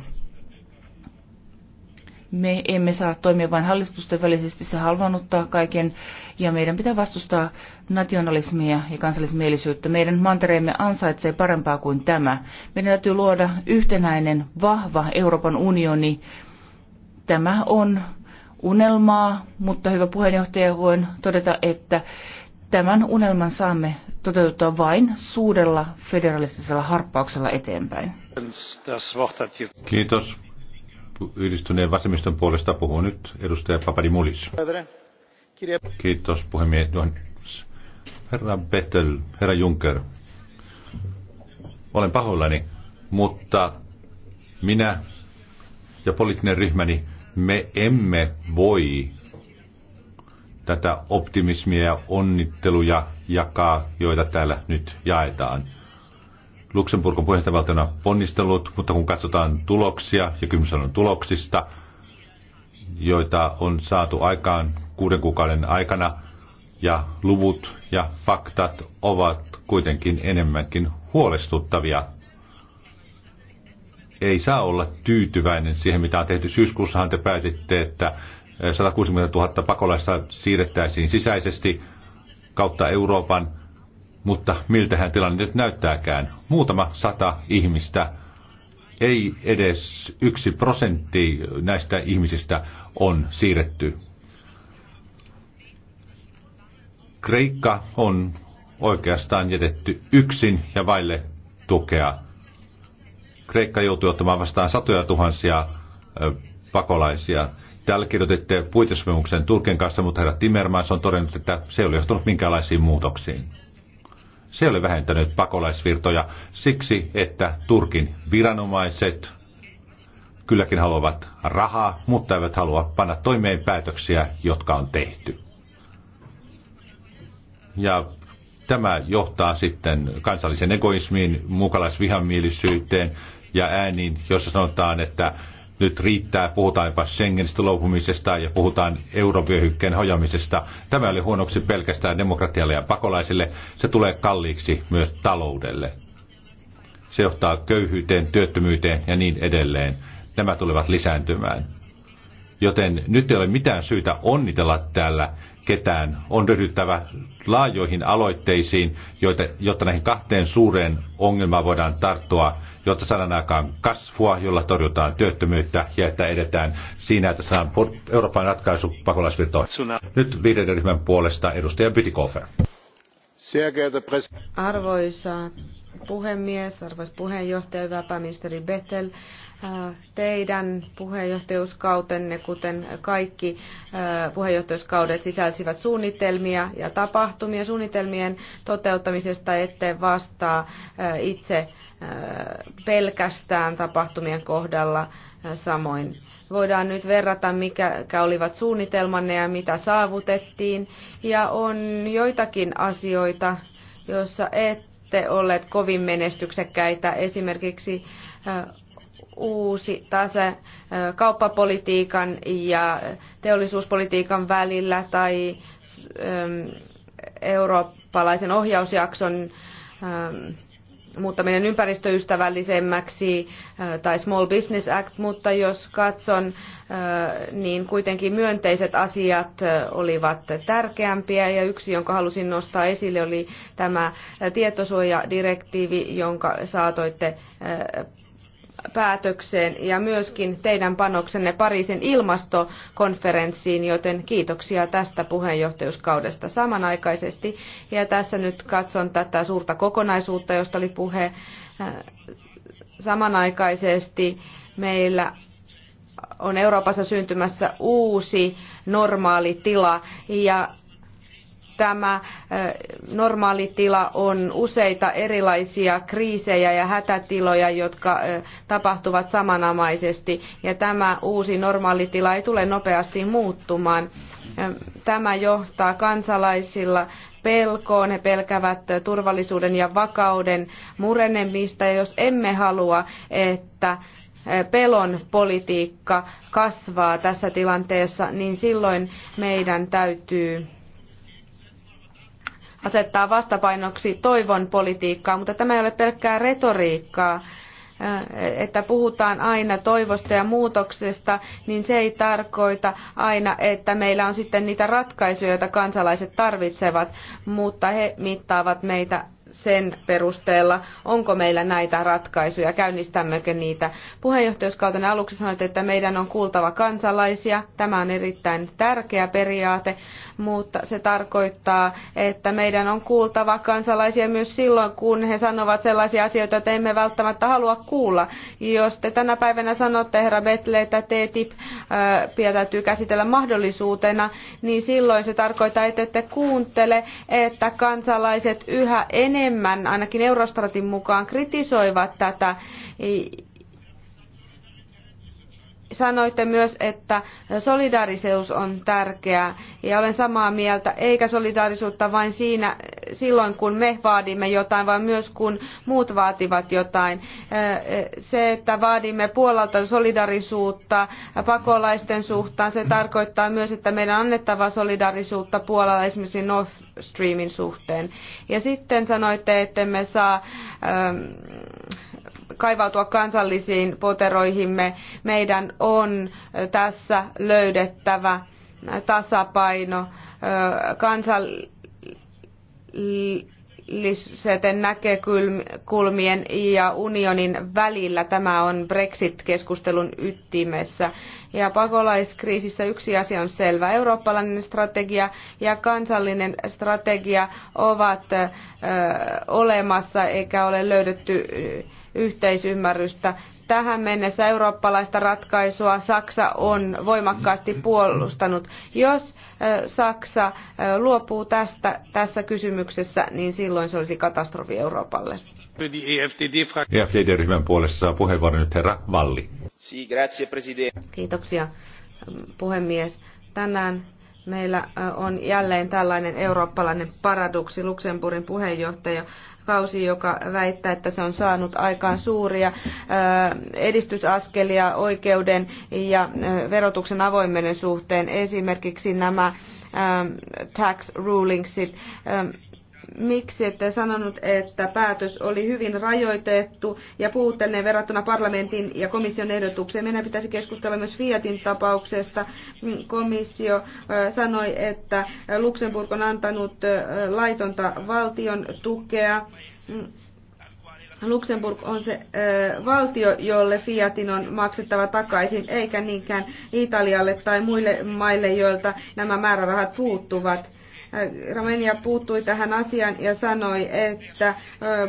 Me emme saa toimia vain hallitusten välisesti, se halvannuttaa kaiken, ja meidän pitää vastustaa nationalismia ja kansallismielisyyttä. Meidän mantereemme ansaitsee parempaa kuin tämä. Meidän täytyy luoda yhtenäinen, vahva Euroopan unioni. Tämä on unelmaa, mutta hyvä puheenjohtaja, voin todeta, että tämän unelman saamme toteuttaa vain suurella federalistisella harppauksella eteenpäin. Kiitos. Yhdistyneen vasemmiston puolesta puhuu nyt edustaja Mulis. Kiitos puhemies. Herra Bettel, herra Juncker, olen pahoillani, mutta minä ja poliittinen ryhmäni me emme voi tätä optimismia ja onnitteluja jakaa, joita täällä nyt jaetaan. Luxemburg on puheenjohtajavaltiona ponnistellut, mutta kun katsotaan tuloksia, ja kysymys on tuloksista, joita on saatu aikaan kuuden kuukauden aikana, ja luvut ja faktat ovat kuitenkin enemmänkin huolestuttavia ei saa olla tyytyväinen siihen, mitä on tehty. Syyskuussahan te päätitte, että 160 eh, 000 pakolaista siirrettäisiin sisäisesti kautta Euroopan, mutta miltähän tilanne nyt näyttääkään. Muutama sata ihmistä, ei edes yksi prosentti näistä ihmisistä on siirretty. Kreikka on oikeastaan jätetty yksin ja vaille tukea Kreikka joutui ottamaan vastaan satoja tuhansia pakolaisia. Täällä kirjoititte puitesopimuksen Turkin kanssa, mutta herra Timmermans on todennut, että se oli johtunut johtanut minkäänlaisiin muutoksiin. Se oli vähentänyt pakolaisvirtoja siksi, että Turkin viranomaiset kylläkin haluavat rahaa, mutta eivät halua panna toimeen päätöksiä, jotka on tehty. Ja tämä johtaa sitten kansallisen egoismiin, mukalaisvihamielisyyteen, ja ääniin, jossa sanotaan, että nyt riittää, puhutaanpa Schengenistä luopumisesta ja puhutaan eurovyöhykkeen hojamisesta. Tämä oli huonoksi pelkästään demokratialle ja pakolaisille. Se tulee kalliiksi myös taloudelle. Se johtaa köyhyyteen, työttömyyteen ja niin edelleen. Nämä tulevat lisääntymään. Joten nyt ei ole mitään syytä onnitella täällä ketään. On ryhdyttävä laajoihin aloitteisiin, joita, jotta näihin kahteen suureen ongelmaan voidaan tarttua, jotta saadaan aikaan kasvua, jolla torjutaan työttömyyttä ja että edetään siinä, että saadaan Euroopan ratkaisu pakolaisvirtoon. Nyt viiden ryhmän puolesta edustaja Bytikofer. Arvoisa puhemies, arvoisa puheenjohtaja, hyvä pääministeri Bettel, äh, teidän puheenjohtajuuskautenne, kuten kaikki äh, puheenjohtajuuskaudet, sisälsivät suunnitelmia ja tapahtumia. Suunnitelmien toteuttamisesta ette vastaa äh, itse pelkästään tapahtumien kohdalla samoin Voidaan nyt verrata, mikä olivat suunnitelmanne ja mitä saavutettiin. Ja on joitakin asioita, joissa ette olleet kovin menestyksekkäitä. Esimerkiksi äh, uusi tase äh, kauppapolitiikan ja teollisuuspolitiikan välillä tai ähm, eurooppalaisen ohjausjakson ähm, muuttaminen ympäristöystävällisemmäksi tai Small Business Act, mutta jos katson, niin kuitenkin myönteiset asiat olivat tärkeämpiä ja yksi, jonka halusin nostaa esille, oli tämä tietosuojadirektiivi, jonka saatoitte päätökseen ja myöskin teidän panoksenne Pariisin ilmastokonferenssiin, joten kiitoksia tästä puheenjohtajuuskaudesta samanaikaisesti. Ja tässä nyt katson tätä suurta kokonaisuutta, josta oli puhe äh, samanaikaisesti. Meillä on Euroopassa syntymässä uusi normaali tila ja tämä normaalitila on useita erilaisia kriisejä ja hätätiloja, jotka tapahtuvat samanamaisesti. Ja tämä uusi normaalitila ei tule nopeasti muuttumaan. Tämä johtaa kansalaisilla pelkoon, he pelkävät turvallisuuden ja vakauden murenemista. Ja jos emme halua, että pelon politiikka kasvaa tässä tilanteessa, niin silloin meidän täytyy asettaa vastapainoksi toivon politiikkaa, mutta tämä ei ole pelkkää retoriikkaa äh, että puhutaan aina toivosta ja muutoksesta, niin se ei tarkoita aina, että meillä on sitten niitä ratkaisuja, joita kansalaiset tarvitsevat, mutta he mittaavat meitä sen perusteella, onko meillä näitä ratkaisuja, käynnistämmekö niitä. Puheenjohtajuuskauten aluksi sanoitte, että meidän on kuultava kansalaisia. Tämä on erittäin tärkeä periaate, mutta se tarkoittaa, että meidän on kuultava kansalaisia myös silloin, kun he sanovat sellaisia asioita, joita emme välttämättä halua kuulla. Jos te tänä päivänä sanotte, herra Betle, että TTIP äh, täytyy käsitellä mahdollisuutena, niin silloin se tarkoittaa, että ette kuuntele, että kansalaiset yhä enemmän enemmän, ainakin Eurostatin mukaan, kritisoivat tätä Sanoitte myös, että solidaarisuus on tärkeää ja olen samaa mieltä, eikä solidaarisuutta vain siinä, silloin, kun me vaadimme jotain, vaan myös kun muut vaativat jotain. Se, että vaadimme Puolalta solidaarisuutta pakolaisten suhtaan, se tarkoittaa myös, että meidän on annettava solidaarisuutta Puolalla esimerkiksi North Streamin suhteen. Ja sitten sanoitte, että me saa ähm, kaivautua kansallisiin poteroihimme. Meidän on tässä löydettävä tasapaino kansallisten näkökulmien ja unionin välillä. Tämä on Brexit-keskustelun ytimessä. Ja pakolaiskriisissä yksi asia on selvä. Eurooppalainen strategia ja kansallinen strategia ovat olemassa eikä ole löydetty yhteisymmärrystä. Tähän mennessä eurooppalaista ratkaisua Saksa on voimakkaasti puolustanut. Jos Saksa luopuu tästä tässä kysymyksessä, niin silloin se olisi katastrofi Euroopalle. EFD-ryhmän puolesta saa puheenvuoron nyt herra Valli. Kiitoksia puhemies. Tänään meillä on jälleen tällainen eurooppalainen paradoksi. Luxemburgin puheenjohtaja kausi, joka väittää, että se on saanut aikaan suuria edistysaskelia oikeuden ja verotuksen avoimuuden suhteen. Esimerkiksi nämä tax rulingsit miksi ette sanonut, että päätös oli hyvin rajoitettu ja puutteellinen verrattuna parlamentin ja komission ehdotukseen. Meidän pitäisi keskustella myös Fiatin tapauksesta. Komissio sanoi, että Luxemburg on antanut laitonta valtion tukea. Luxemburg on se ö, valtio, jolle Fiatin on maksettava takaisin, eikä niinkään Italialle tai muille maille, joilta nämä määrärahat puuttuvat Ramenia puuttui tähän asiaan ja sanoi, että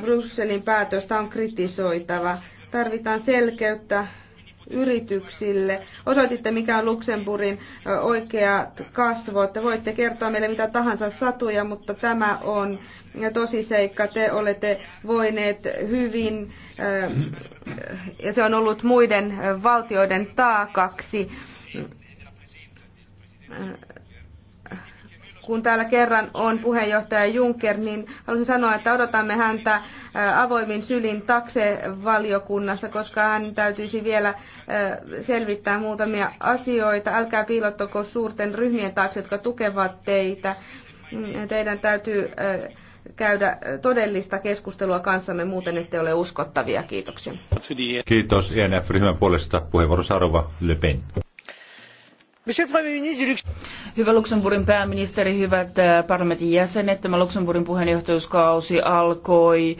Brysselin päätöstä on kritisoitava. Tarvitaan selkeyttä yrityksille. Osoititte, mikä on Luxemburgin oikeat kasvot. Voitte kertoa meille mitä tahansa satuja, mutta tämä on tosi seikka. Te olette voineet hyvin, ja se on ollut muiden valtioiden taakaksi kun täällä kerran on puheenjohtaja Juncker, niin haluaisin sanoa, että odotamme häntä avoimin sylin taksevaliokunnassa, koska hän täytyisi vielä selvittää muutamia asioita. Älkää piilottako suurten ryhmien taakse, jotka tukevat teitä. Mm, teidän täytyy käydä todellista keskustelua kanssamme, muuten ette ole uskottavia. Kiitoksia. Kiitos INF-ryhmän e puolesta puheenvuoro Sarova Le Pen. Hyvä Luxemburgin pääministeri, hyvät äh, parlamentin jäsenet. Tämä Luxemburgin puheenjohtajuuskausi alkoi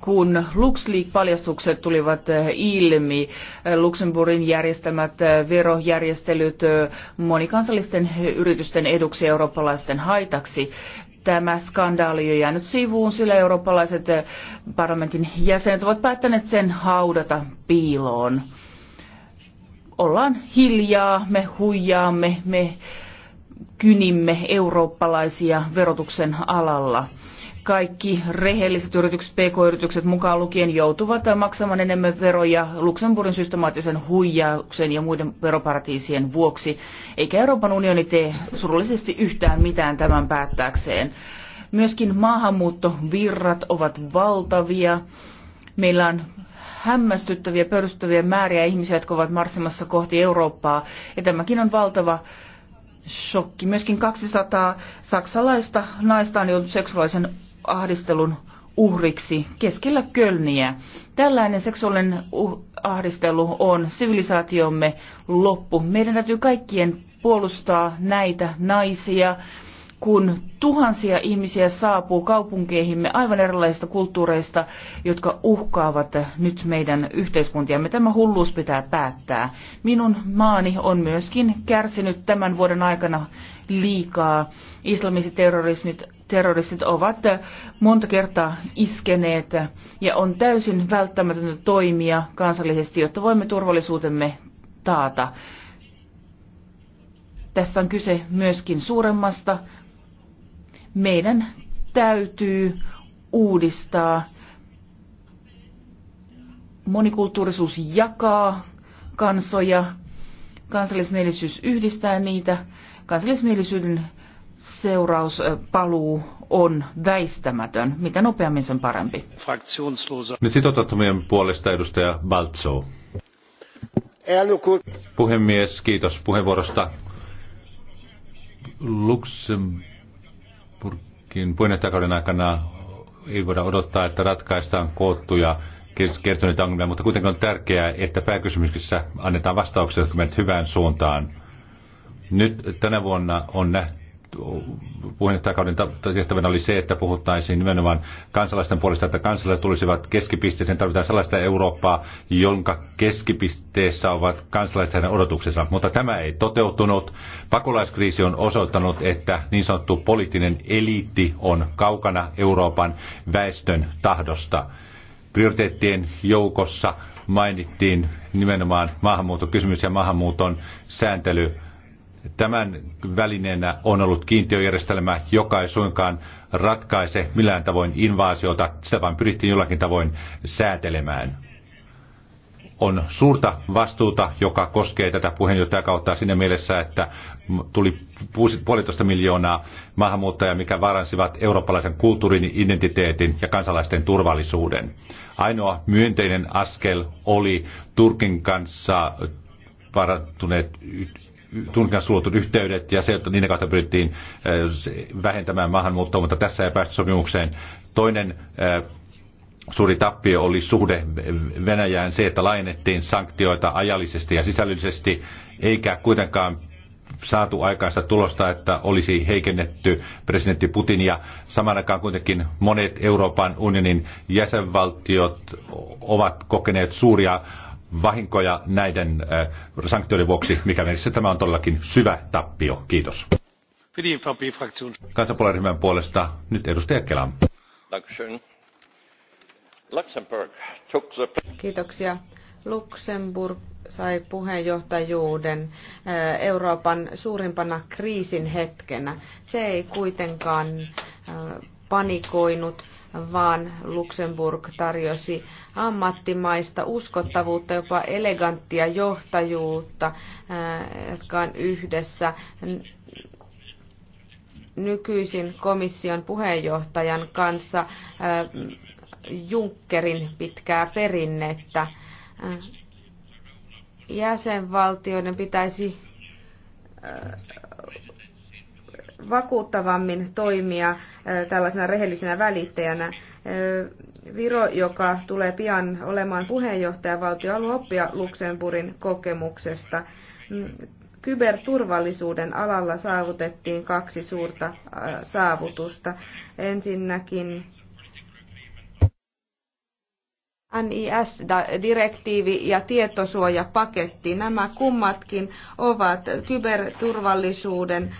kun LuxLeak-paljastukset tulivat äh, ilmi, äh, Luxemburgin järjestämät verojärjestelyt monikansallisten yritysten eduksi eurooppalaisten haitaksi. Tämä skandaali on jäänyt sivuun, sillä eurooppalaiset parlamentin jäsenet ovat päättäneet sen haudata piiloon ollaan hiljaa, me huijaamme, me kynimme eurooppalaisia verotuksen alalla. Kaikki rehelliset yritykset, pk-yritykset mukaan lukien joutuvat maksamaan enemmän veroja Luxemburgin systemaattisen huijauksen ja muiden veroparatiisien vuoksi, eikä Euroopan unioni tee surullisesti yhtään mitään tämän päättääkseen. Myöskin maahanmuuttovirrat ovat valtavia. Meillä on hämmästyttäviä, pöyristyttäviä määriä ihmisiä, jotka ovat marssimassa kohti Eurooppaa. Ja tämäkin on valtava shokki. Myöskin 200 saksalaista naista on joutunut seksuaalisen ahdistelun uhriksi keskellä Kölniä. Tällainen seksuaalinen uh- ahdistelu on sivilisaatiomme loppu. Meidän täytyy kaikkien puolustaa näitä naisia kun tuhansia ihmisiä saapuu kaupunkeihimme aivan erilaisista kulttuureista, jotka uhkaavat nyt meidän yhteiskuntiamme. Tämä hulluus pitää päättää. Minun maani on myöskin kärsinyt tämän vuoden aikana liikaa. Islamiset terrorismit terroristit ovat monta kertaa iskeneet ja on täysin välttämätöntä toimia kansallisesti, jotta voimme turvallisuutemme taata. Tässä on kyse myöskin suuremmasta meidän täytyy uudistaa monikulttuurisuus jakaa kansoja, kansallismielisyys yhdistää niitä, kansallismielisyyden seuraus, paluu on väistämätön. Mitä nopeammin sen parempi. Nyt sitoutettomien puolesta edustaja Baltso. Puhemies, kiitos puheenvuorosta. Luxemburg Purkin puheenjohtajakauden aikana ei voida odottaa, että ratkaistaan koottuja kertoneita ongelmia, mutta kuitenkin on tärkeää, että pääkysymyksissä annetaan vastauksia, jotka hyvään suuntaan. Nyt tänä vuonna on nähty puheenjohtajakauden tehtävänä oli se, että puhuttaisiin nimenomaan kansalaisten puolesta, että kansalaiset tulisivat keskipisteeseen. Tarvitaan sellaista Eurooppaa, jonka keskipisteessä ovat kansalaiset heidän odotuksensa. Mutta tämä ei toteutunut. Pakolaiskriisi on osoittanut, että niin sanottu poliittinen eliitti on kaukana Euroopan väestön tahdosta. Prioriteettien joukossa mainittiin nimenomaan maahanmuuttokysymys ja maahanmuuton sääntely Tämän välineenä on ollut kiintiöjärjestelmä, joka ei suinkaan ratkaise millään tavoin invaasiota, sitä vain pyrittiin jollakin tavoin säätelemään. On suurta vastuuta, joka koskee tätä kautta siinä mielessä, että tuli puolitoista miljoonaa maahanmuuttajaa, mikä vaaransivat eurooppalaisen kulttuurin, identiteetin ja kansalaisten turvallisuuden. Ainoa myönteinen askel oli Turkin kanssa parantuneet Turkin suotut yhteydet ja se, että niiden kautta pyrittiin äh, vähentämään maahanmuuttoa, mutta tässä ei päästy sopimukseen. Toinen äh, suuri tappio oli suhde Venäjään se, että laajennettiin sanktioita ajallisesti ja sisällöllisesti, eikä kuitenkaan saatu aikaista tulosta, että olisi heikennetty presidentti Putin ja saman aikaan kuitenkin monet Euroopan unionin jäsenvaltiot ovat kokeneet suuria vahinkoja näiden äh, sanktioiden vuoksi, mikä mielessä tämä on todellakin syvä tappio. Kiitos. Kansanpuolueen puolesta nyt edustaja Kelam. Kiitoksia. Luxemburg sai puheenjohtajuuden äh, Euroopan suurimpana kriisin hetkenä. Se ei kuitenkaan äh, panikoinut vaan Luxemburg tarjosi ammattimaista uskottavuutta, jopa eleganttia johtajuutta, äh, jotka on yhdessä nykyisin komission puheenjohtajan kanssa äh, Junckerin pitkää perinnettä. Äh, jäsenvaltioiden pitäisi vakuuttavammin toimia äh, tällaisena rehellisenä välittäjänä. Äh, Viro, joka tulee pian olemaan puheenjohtajavaltio, haluaa oppia Luxemburgin kokemuksesta. Mm, kyberturvallisuuden alalla saavutettiin kaksi suurta äh, saavutusta. Ensinnäkin NIS-direktiivi ja tietosuojapaketti. Nämä kummatkin ovat kyberturvallisuuden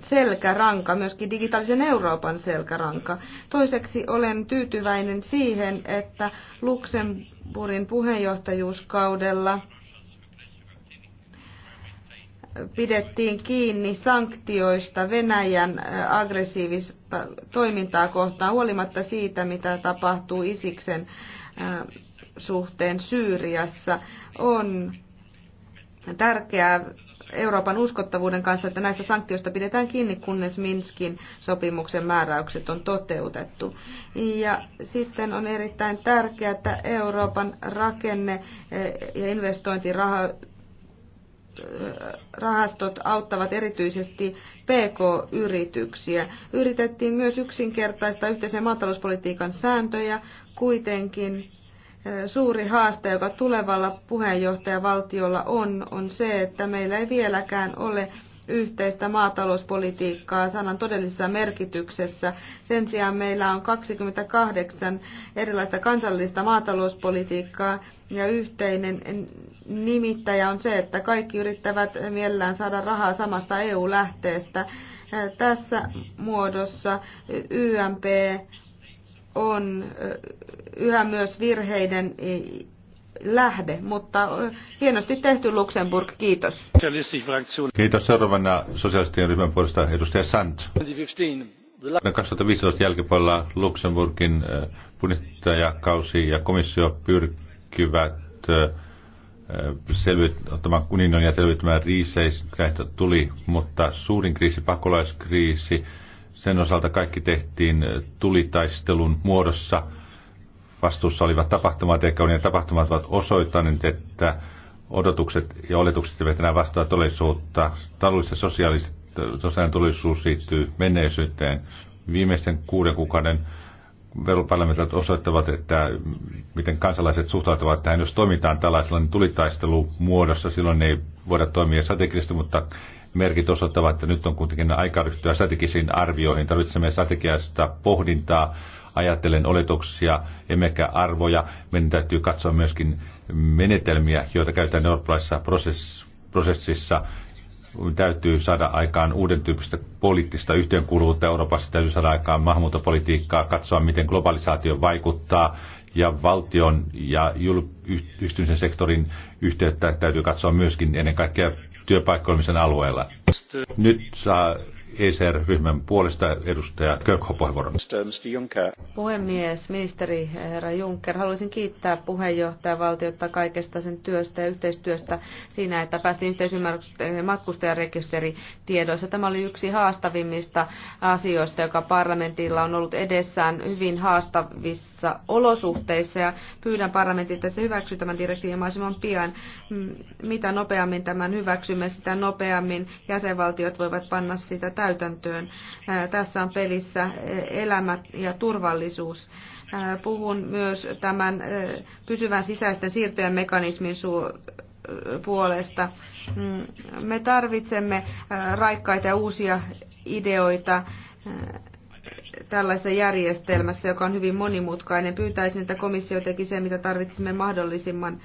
selkäranka, myöskin digitaalisen Euroopan selkäranka. Toiseksi olen tyytyväinen siihen, että Luxemburgin puheenjohtajuuskaudella pidettiin kiinni sanktioista Venäjän äh, aggressiivista toimintaa kohtaan, huolimatta siitä, mitä tapahtuu Isiksen äh, suhteen Syyriassa. On tärkeää Euroopan uskottavuuden kanssa, että näistä sanktioista pidetään kiinni, kunnes Minskin sopimuksen määräykset on toteutettu. Ja sitten on erittäin tärkeää, että Euroopan rakenne- eh, ja investointiraha eh, rahastot auttavat erityisesti PK-yrityksiä. Yritettiin myös yksinkertaista yhteisen maatalouspolitiikan sääntöjä, kuitenkin suuri haaste, joka tulevalla puheenjohtajavaltiolla on, on se, että meillä ei vieläkään ole yhteistä maatalouspolitiikkaa sanan todellisessa merkityksessä. Sen sijaan meillä on 28 erilaista kansallista maatalouspolitiikkaa ja yhteinen nimittäjä on se, että kaikki yrittävät mielellään saada rahaa samasta EU-lähteestä. Tässä muodossa YMP on yhä myös virheiden e, lähde, mutta hienosti tehty Luxemburg, kiitos. Kiitos seuraavana sosiaalistien ryhmän puolesta edustaja Sant. 2015 no, jälkipuolella Luxemburgin budjettajakausi ja komissio pyrkivät selvit, ottamaan kuningin ja selvittämään riiseistä tuli, mutta suurin kriisi, pakolaiskriisi, sen osalta kaikki tehtiin tulitaistelun muodossa. Vastuussa olivat tapahtumat, eikä ne tapahtumat ovat osoittaneet, että odotukset ja oletukset eivät enää vastaa todellisuutta. Taloudelliset ja sosiaaliset tosiaan todellisuus liittyy menneisyyteen. Viimeisten kuuden kuukauden veroparlamentit osoittavat, että miten kansalaiset suhtautuvat tähän, jos toimitaan tällaisella niin tulitaistelu muodossa, silloin ei voida toimia strategisesti, mutta merkit osoittavat, että nyt on kuitenkin aika ryhtyä strategisiin arvioihin. Tarvitsemme strategiasta pohdintaa, ajattelen oletuksia, emmekä arvoja. Meidän täytyy katsoa myöskin menetelmiä, joita käytetään eurooppalaisessa prosessissa. Täytyy saada aikaan uuden tyyppistä poliittista yhteenkuuluvuutta Euroopassa. Täytyy saada aikaan maahanmuuttopolitiikkaa, katsoa miten globalisaatio vaikuttaa ja valtion ja yksityisen sektorin yhteyttä täytyy katsoa myöskin ennen kaikkea työpaikkoimisen alueella. Nyt saa ECR-ryhmän puolesta edustaja Kökho puheenvuoron. Puhemies, ministeri herra Juncker, haluaisin kiittää puheenjohtaja valtiota kaikesta sen työstä ja yhteistyöstä siinä, että päästiin yhteisymmärrykseen matkustajarekisteritiedoissa. Tämä oli yksi haastavimmista asioista, joka parlamentilla on ollut edessään hyvin haastavissa olosuhteissa ja pyydän parlamentin tässä hyväksy tämän direktiivin mahdollisimman pian. Mm, mitä nopeammin tämän hyväksymme, sitä nopeammin jäsenvaltiot voivat panna sitä täytäntöön täytäntöön. Tässä on pelissä elämä ja turvallisuus. Puhun myös tämän pysyvän sisäisten siirtojen mekanismin puolesta. Mm, me tarvitsemme raikkaita ja uusia ideoita tällaisessa järjestelmässä, joka on hyvin monimutkainen. Pyytäisin, että komissio teki sen, mitä tarvitsemme mahdollisimman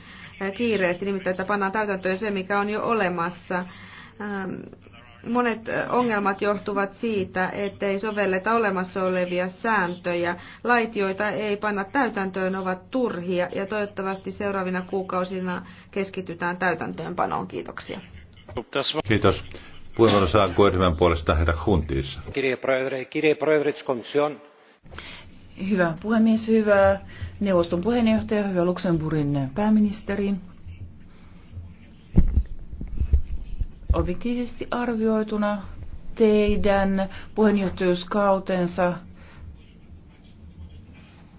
kiireesti, nimittäin että pannaan täytäntöön se, mikä on jo olemassa. Monet ongelmat johtuvat siitä, ettei sovelleta olemassa olevia sääntöjä. Lait, joita ei panna täytäntöön, ovat turhia ja toivottavasti seuraavina kuukausina keskitytään täytäntöönpanoon. Kiitoksia. Kiitos. Puheenvuoro saa Kuerhymän puolesta herra Huntiissa. Hyvä puhemies, hyvä neuvoston puheenjohtaja, hyvä Luxemburgin pääministeri, objektiivisesti arvioituna teidän puheenjohtajuuskautensa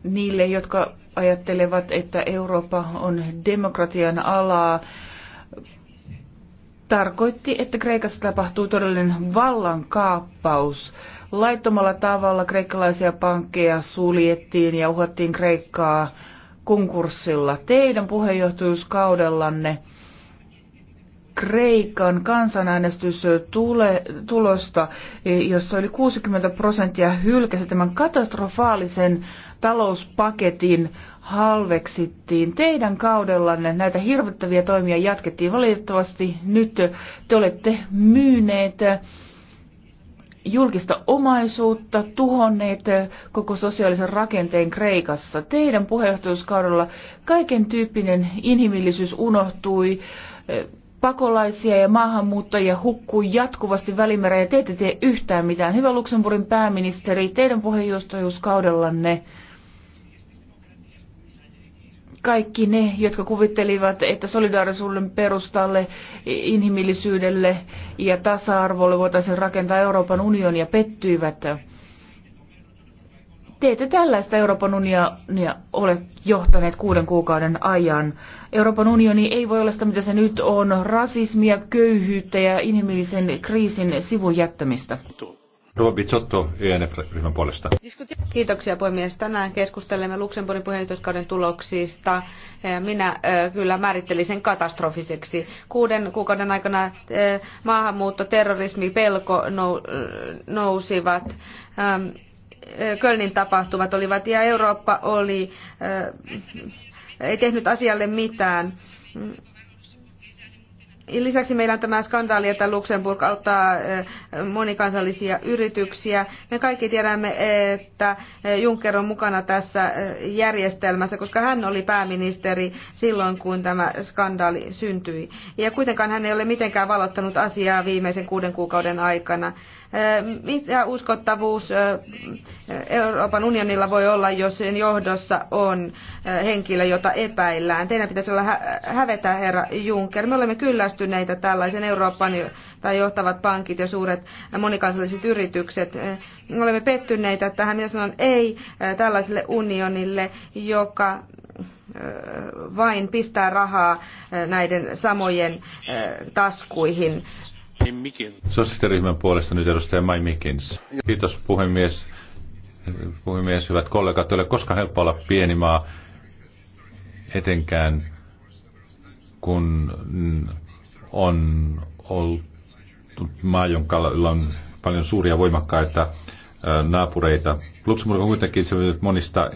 niille, jotka ajattelevat, että Eurooppa on demokratian alaa, tarkoitti, että Kreikassa tapahtui todellinen vallankaappaus. Laittomalla tavalla kreikkalaisia pankkeja suljettiin ja uhattiin Kreikkaa konkurssilla. Teidän puheenjohtajuuskaudellanne Kreikan kansanäänestystulosta, jossa oli 60 prosenttia hylkäsi tämän katastrofaalisen talouspaketin halveksittiin. Teidän kaudellanne näitä hirvittäviä toimia jatkettiin. Valitettavasti nyt te olette myyneet julkista omaisuutta, tuhonneet koko sosiaalisen rakenteen Kreikassa. Teidän puheenjohtajuuskaudella kaiken tyyppinen inhimillisyys unohtui pakolaisia ja maahanmuuttajia hukkuu jatkuvasti välimereen ja te ette tee yhtään mitään. Hyvä Luxemburgin pääministeri, teidän puheenjohtajuuskaudellanne kaikki ne, jotka kuvittelivat, että solidaarisuuden perustalle, inhimillisyydelle ja tasa-arvolle voitaisiin rakentaa Euroopan unionia, pettyivät. Te ette tällaista Euroopan unionia ole johtaneet kuuden kuukauden ajan. Euroopan unioni ei voi olla sitä, mitä se nyt on, rasismia, köyhyyttä ja inhimillisen kriisin sivun jättämistä. Rova Bizzotto, ENF-ryhmän puolesta. Kiitoksia puhemies. Tänään keskustelemme Luxemburgin puheenjohtajuuskauden tuloksista. Minä kyllä määrittelin sen katastrofiseksi. Kuuden kuukauden aikana maahanmuutto, terrorismi, pelko nousivat. Kölnin tapahtuvat olivat ja Eurooppa oli, ei tehnyt asialle mitään. Lisäksi meillä on tämä skandaali, että Luxemburg auttaa monikansallisia yrityksiä. Me kaikki tiedämme, että Juncker on mukana tässä järjestelmässä, koska hän oli pääministeri silloin, kun tämä skandaali syntyi. Ja kuitenkaan hän ei ole mitenkään valottanut asiaa viimeisen kuuden kuukauden aikana. Mitä uskottavuus Euroopan unionilla voi olla, jos sen johdossa on henkilö, jota epäillään? Teidän pitäisi olla hä- hävetä, herra Juncker. Me olemme kyllästyneet menestyneitä tällaisen Euroopan tai johtavat pankit ja suuret monikansalliset yritykset. Me olemme pettyneitä tähän. Minä sanon ei tällaiselle unionille, joka vain pistää rahaa näiden samojen taskuihin. Sosiaaliryhmän puolesta nyt edustaja Mai Mikins. Kiitos puhemies. Puhemies, hyvät kollegat, ei ole koskaan helppo olla pieni maa, etenkään kun on ollut maa, jonka on paljon suuria voimakkaita naapureita. Luxemburg on kuitenkin monista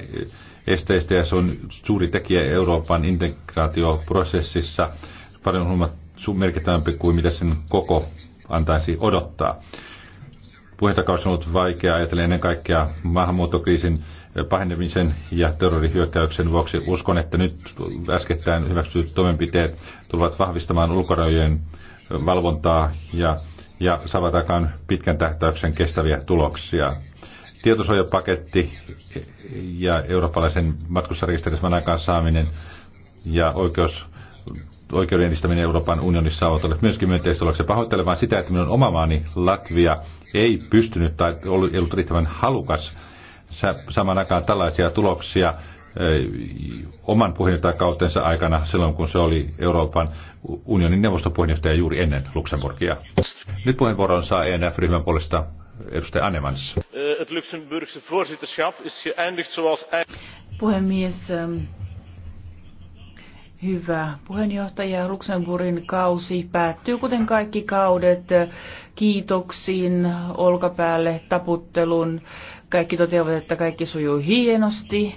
esteistä ja se on suuri tekijä Euroopan integraatioprosessissa, paljon merkittävämpi kuin mitä sen koko antaisi odottaa. Puheentakausi on ollut vaikea ajatella ennen kaikkea maahanmuuttokriisin pahenemisen ja terrorihyökkäyksen vuoksi. Uskon, että nyt äskettäin hyväksytyt toimenpiteet tulevat vahvistamaan ulkorajojen valvontaa ja, ja saavat aikaan pitkän tähtäyksen kestäviä tuloksia. Tietosuojapaketti ja eurooppalaisen matkustajarekisterin aikaan saaminen ja oikeus oikeuden edistäminen Euroopan unionissa on ollut myöskin myönteistä Pahoittelen Pahoittelemaan sitä, että minun oma maani Latvia ei pystynyt tai ollut, ei ollut riittävän halukas saman aikaan tällaisia tuloksia eh, oman puheenjohtajakautensa aikana silloin, kun se oli Euroopan unionin neuvostopuheenjohtaja juuri ennen Luxemburgia. Nyt puheenvuoron saa ENF-ryhmän puolesta edustaja Anemans. Eh, Puhemies, ehm, hyvä puheenjohtaja. Luxemburgin kausi päättyy, kuten kaikki kaudet, kiitoksiin, olkapäälle, taputtelun kaikki toteavat, että kaikki sujuu hienosti.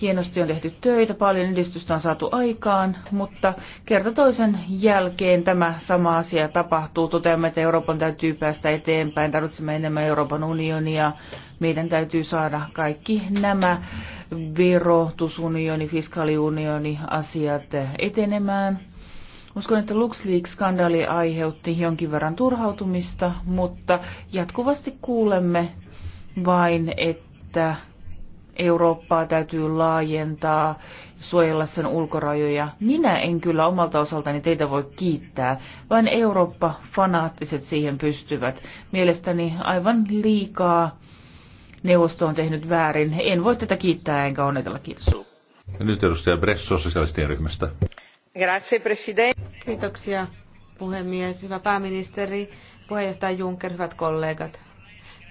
Hienosti on tehty töitä, paljon edistystä on saatu aikaan, mutta kerta toisen jälkeen tämä sama asia tapahtuu. Toteamme, että Euroopan täytyy päästä eteenpäin, tarvitsemme enemmän Euroopan unionia, meidän täytyy saada kaikki nämä verotusunioni, fiskaaliunioni asiat etenemään. Uskon, että LuxLeaks-skandaali aiheutti jonkin verran turhautumista, mutta jatkuvasti kuulemme vain, että Eurooppaa täytyy laajentaa, suojella sen ulkorajoja. Minä en kyllä omalta osaltani teitä voi kiittää, vaan Eurooppa-fanaattiset siihen pystyvät. Mielestäni aivan liikaa neuvosto on tehnyt väärin. En voi tätä kiittää enkä onnitella. Kiitos. Nyt edustaja Bresso sosialistien ryhmästä. Grazie, president. Kiitoksia puhemies, hyvä pääministeri, puheenjohtaja Juncker, hyvät kollegat.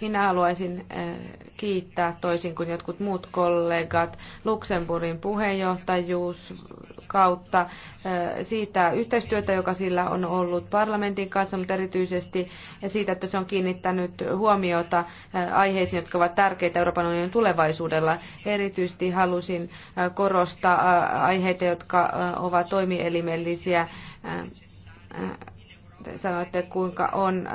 Minä haluaisin äh, kiittää toisin kuin jotkut muut kollegat Luxemburgin puheenjohtajuus kautta äh, siitä yhteistyötä, joka sillä on ollut parlamentin kanssa, mutta erityisesti siitä, että se on kiinnittänyt huomiota äh, aiheisiin, jotka ovat tärkeitä Euroopan unionin tulevaisuudella. Erityisesti halusin korostaa aiheita, jotka ovat toimielimellisiä sanoitte, kuinka on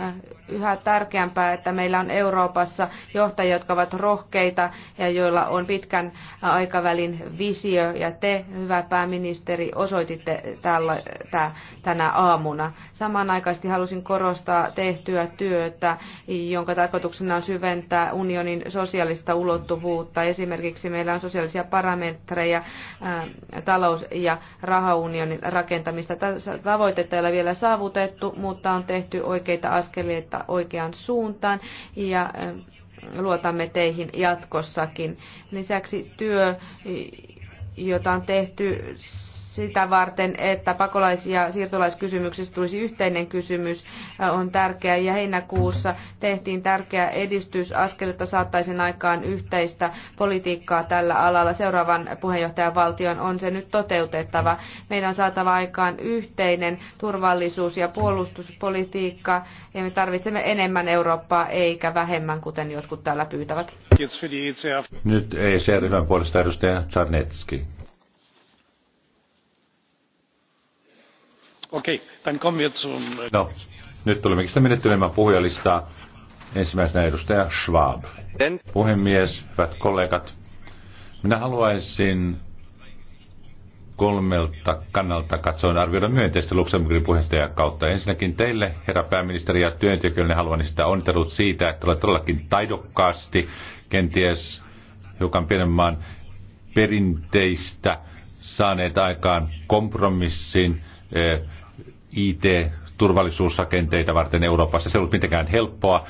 yhä tärkeämpää, että meillä on Euroopassa johtajia, jotka ovat rohkeita ja joilla on pitkän aikavälin visio. Ja te, hyvä pääministeri, osoititte tällä, tä, tänä aamuna. Samanaikaisesti halusin korostaa tehtyä työtä, jonka tarkoituksena on syventää unionin sosiaalista ulottuvuutta. Esimerkiksi meillä on sosiaalisia parametreja talous- ja rahaunionin rakentamista. Tässä tavoitetta ei ole vielä saavutettu, mutta on tehty oikeita askeleita oikeaan suuntaan ja luotamme teihin jatkossakin. Lisäksi työ, jota on tehty sitä varten, että pakolais- ja siirtolaiskysymyksistä tulisi yhteinen kysymys, äh, on tärkeä. Ja heinäkuussa tehtiin tärkeä edistysaskel, jotta saattaisiin aikaan yhteistä politiikkaa tällä alalla. Seuraavan puheenjohtajavaltion on se nyt toteutettava. Meidän on saatava aikaan yhteinen turvallisuus- ja puolustuspolitiikka, ja me tarvitsemme enemmän Eurooppaa eikä vähemmän, kuten jotkut täällä pyytävät. Nyt ei se ryhmän puolesta edustaja Okei, No, nyt tulemme sitä menettelemään puhujalistaa. Ensimmäisenä edustaja Schwab. Puhemies, hyvät kollegat, minä haluaisin kolmelta kannalta katsoen arvioida myönteistä Luxemburgin puheenjohtajan kautta. Ensinnäkin teille, herra pääministeri ja työntekijöille, haluan sitä onnittelut siitä, että olette todellakin taidokkaasti, kenties hiukan pienemmän maan perinteistä saaneet aikaan kompromissin Eh, IT-turvallisuusrakenteita varten Euroopassa. Se ei ollut mitenkään helppoa,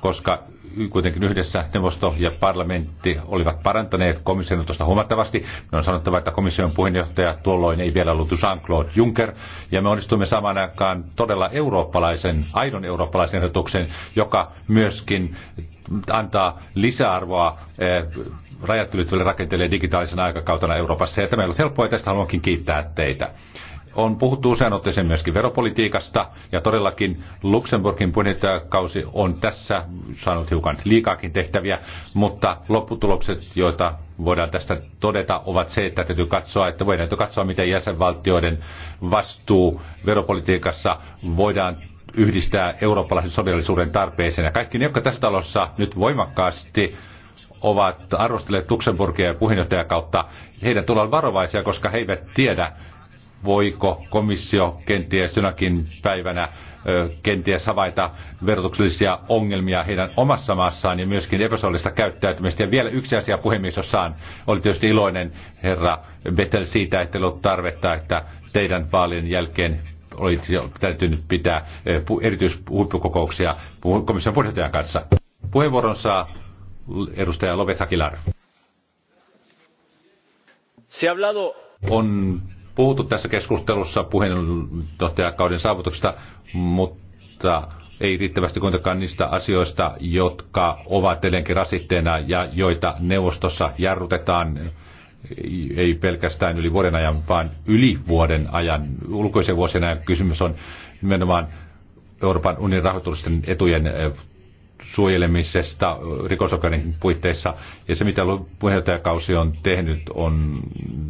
koska kuitenkin yhdessä neuvosto ja parlamentti olivat parantaneet komission tuosta huomattavasti. Me on sanottava, että komission puheenjohtaja tuolloin ei vielä ollut Jean-Claude Juncker, ja me onnistuimme samaan aikaan todella eurooppalaisen, aidon eurooppalaisen ehdotuksen, joka myöskin antaa lisäarvoa eh, rajat ylittäville rakenteille digitaalisena aikakautena Euroopassa. Ja tämä ei ollut helppoa, ja tästä haluankin kiittää teitä. On puhuttu usein otteeseen myöskin veropolitiikasta, ja todellakin Luxemburgin puheenjohtajakausi on tässä saanut hiukan liikaakin tehtäviä, mutta lopputulokset, joita voidaan tästä todeta, ovat se, että täytyy katsoa, että voidaan katsoa, miten jäsenvaltioiden vastuu veropolitiikassa voidaan yhdistää eurooppalaisen sosiaalisuuden tarpeeseen. Ja kaikki ne, jotka tässä talossa nyt voimakkaasti ovat arvostelleet Luxemburgia ja puheenjohtajakautta, heidän tulee varovaisia, koska he eivät tiedä, voiko komissio kenties jonakin päivänä kenties havaita verotuksellisia ongelmia heidän omassa maassaan ja myöskin epäsuolista käyttäytymistä. Ja vielä yksi asia puhemies, jos saan. Oli tietysti iloinen herra Betel siitä, että ei ollut tarvetta, että teidän vaalien jälkeen oli täytynyt pitää erityishuippukokouksia komission puheenjohtajan kanssa. Puheenvuoron saa edustaja Lopez Aguilar. Se hablado on puhuttu tässä keskustelussa puheenjohtajakauden saavutuksesta, mutta ei riittävästi kuitenkaan niistä asioista, jotka ovat edelleenkin rasitteena ja joita neuvostossa jarrutetaan ei pelkästään yli vuoden ajan, vaan yli vuoden ajan, ulkoisen vuosien ajan. Kysymys on nimenomaan Euroopan unionin rahoitusten etujen eh, suojelemisesta rikosoikeuden puitteissa. Ja se, mitä puheenjohtajakausi on tehnyt, on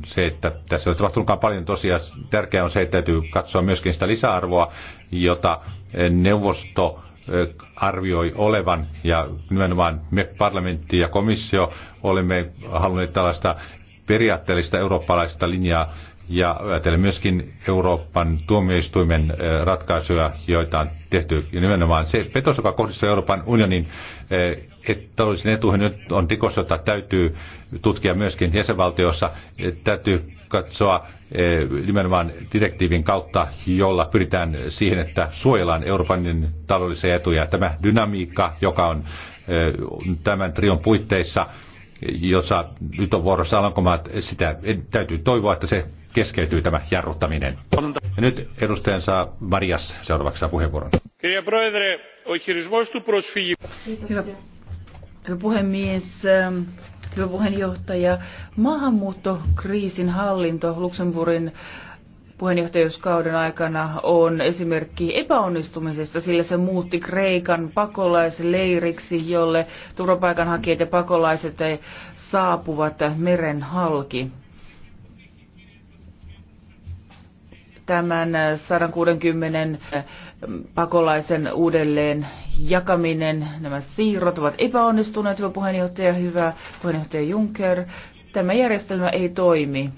se, että tässä on tapahtunutkaan paljon tosiaan. Tärkeää on se, että täytyy katsoa myöskin sitä lisäarvoa, jota eh, neuvosto eh, arvioi olevan, ja nimenomaan me parlamentti ja komissio olemme halunneet tällaista periaatteellista eurooppalaista linjaa ja ajatellen myöskin Euroopan tuomioistuimen eh, ratkaisuja, joita on tehty. Ja nimenomaan se petos, joka kohdistuu Euroopan unionin eh, taloudellisen etuihin, nyt on rikos, jota täytyy tutkia myöskin jäsenvaltiossa. Eh, täytyy katsoa nimenomaan direktiivin kautta, jolla pyritään siihen, että suojellaan Euroopan unionin taloudellisia etuja. Tämä dynamiikka, joka on tämän trion puitteissa, jossa nyt on vuorossa Alankomaat, sitä täytyy toivoa, että se keskeytyy tämä jarruttaminen. Ja nyt edustajan saa Marias seuraavaksi saa puheenvuoron. Hyvä, hyvä puhemies, ähm, hyvä puheenjohtaja. Maahanmuuttokriisin hallinto Luxemburgin puheenjohtajuuskauden aikana on esimerkki epäonnistumisesta, sillä se muutti Kreikan pakolaisleiriksi, jolle turvapaikanhakijat ja pakolaiset saapuvat meren halki. Tämän 160 pakolaisen uudelleen jakaminen, nämä siirrot ovat epäonnistuneet, hyvä puheenjohtaja, hyvä puheenjohtaja Juncker. Tämä järjestelmä ei toimi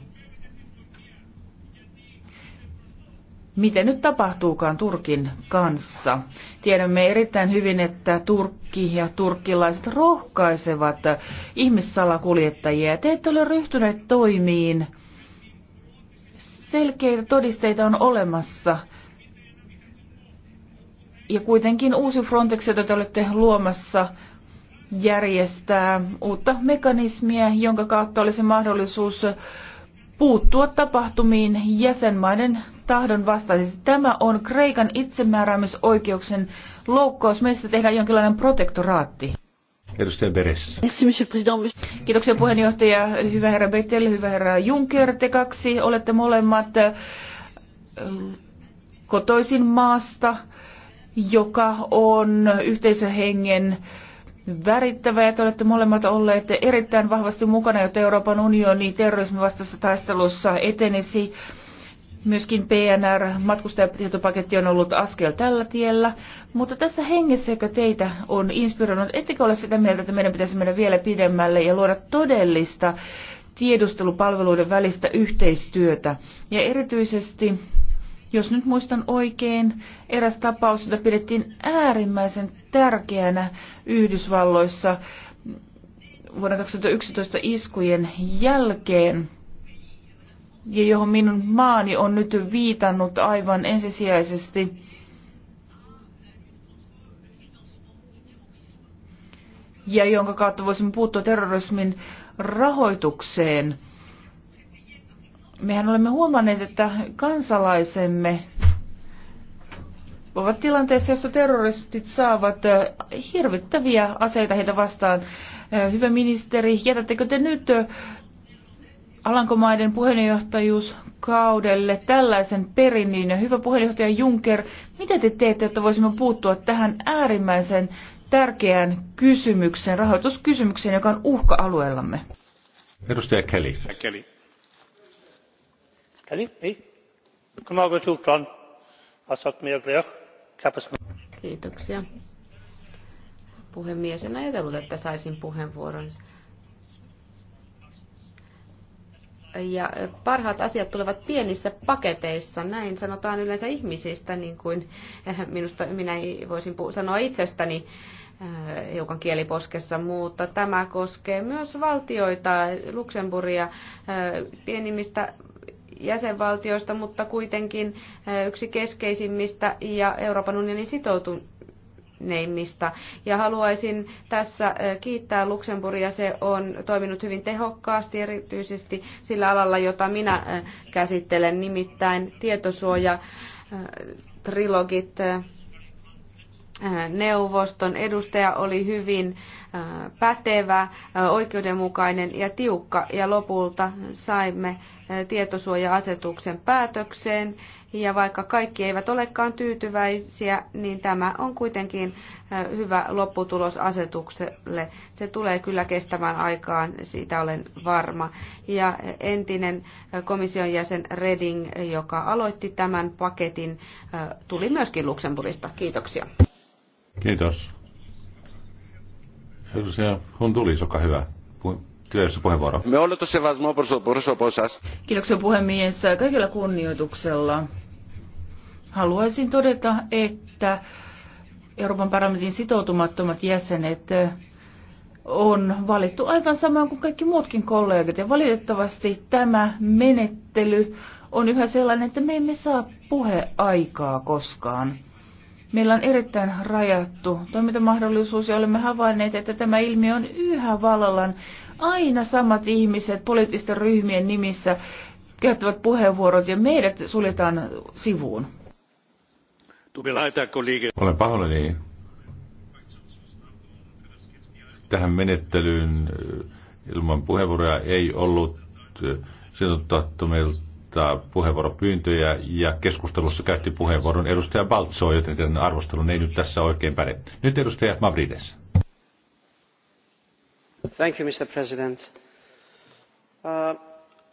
miten nyt tapahtuukaan Turkin kanssa. Tiedämme erittäin hyvin, että Turkki ja turkkilaiset rohkaisevat ihmissalakuljettajia. Te ette ole ryhtyneet toimiin. Selkeitä todisteita on olemassa. Ja kuitenkin uusi Frontex, jota te olette luomassa, järjestää uutta mekanismia, jonka kautta olisi mahdollisuus puuttua tapahtumiin jäsenmaiden tahdon vastaisesti. Tämä on Kreikan itsemääräämisoikeuksen loukkaus. Meistä tehdään jonkinlainen protektoraatti. Edustaja Beres. Kiitoksia puheenjohtaja. Hyvä herra Bettel, hyvä herra Juncker. Te kaksi olette molemmat äh, kotoisin maasta, joka on yhteisöhengen värittävä ja te olette molemmat olleet erittäin vahvasti mukana, jotta Euroopan unioni terrorismin vastaisessa taistelussa etenisi. Myöskin PNR-matkustajatietopaketti on ollut askel tällä tiellä, mutta tässä hengessä, joka teitä on inspiroinut, ettekö ole sitä mieltä, että meidän pitäisi mennä vielä pidemmälle ja luoda todellista tiedustelupalveluiden välistä yhteistyötä. Ja erityisesti, jos nyt muistan oikein, eräs tapaus, jota pidettiin äärimmäisen tärkeänä Yhdysvalloissa vuoden 2011 iskujen jälkeen, ja johon minun maani on nyt viitannut aivan ensisijaisesti, ja jonka kautta voisimme puuttua terrorismin rahoitukseen. Mehän olemme huomanneet, että kansalaisemme ovat tilanteessa, jossa terroristit saavat hirvittäviä aseita heitä vastaan. Hyvä ministeri, jätättekö te nyt Alankomaiden puheenjohtajuuskaudelle tällaisen perinnön. Ja hyvä puheenjohtaja Juncker, mitä te teette, jotta voisimme puuttua tähän äärimmäisen tärkeään kysymykseen, rahoituskysymykseen, joka on uhka alueellamme? Edustaja Kelly. Kelly. Kelly, ei. Kiitoksia. Puhemies, en ajatellut, että saisin puheenvuoron. Ja parhaat asiat tulevat pienissä paketeissa, näin sanotaan yleensä ihmisistä, niin kuin eh, minusta minä voisin sanoa itsestäni eh, hiukan kieliposkessa, mutta tämä koskee myös valtioita, Luxemburgia, eh, pienimmistä jäsenvaltioista, mutta kuitenkin yksi keskeisimmistä ja Euroopan unionin sitoutunut neimmista. Ja haluaisin tässä kiittää Luxemburgia. Se on toiminut hyvin tehokkaasti, erityisesti sillä alalla, jota minä käsittelen, nimittäin tietosuoja trilogit Äh, neuvoston edustaja oli hyvin äh, pätevä, äh, oikeudenmukainen ja tiukka ja lopulta saimme tietosuoja-asetuksen päätökseen ja vaikka kaikki eivät olekaan tyytyväisiä, niin tämä on kuitenkin hyvä lopputulos asetukselle. Se tulee kyllä kestämään aikaan, siitä olen varma. Ja entinen komission jäsen Reding, joka aloitti tämän paketin, tuli myöskin Luxemburgista. Kiitoksia. Kiitos. Edustaja Hontulis, olkaa hyvä. Työssä puheenvuoro. Me olemme tosi vasmo Kiitoksia puhemies. Kaikilla kunnioituksella haluaisin todeta, että Euroopan parlamentin sitoutumattomat jäsenet on valittu aivan samoin kuin kaikki muutkin kollegat. Ja valitettavasti tämä menettely on yhä sellainen, että me emme saa puheaikaa koskaan. Meillä on erittäin rajattu toimintamahdollisuus ja olemme havainneet, että tämä ilmiö on yhä vallan. Aina samat ihmiset poliittisten ryhmien nimissä käyttävät puheenvuorot ja meidät suljetaan sivuun. Olen pahoillani tähän menettelyyn ilman puheenvuoroja ei ollut sinut tahtomilta muita puheenvuoropyyntöjä ja keskustelussa käytti puheenvuoron edustaja Baltso, joten tämän arvostelun ei nyt tässä oikein päde. Nyt edustaja Mavrides. Thank you, Mr. President. Uh,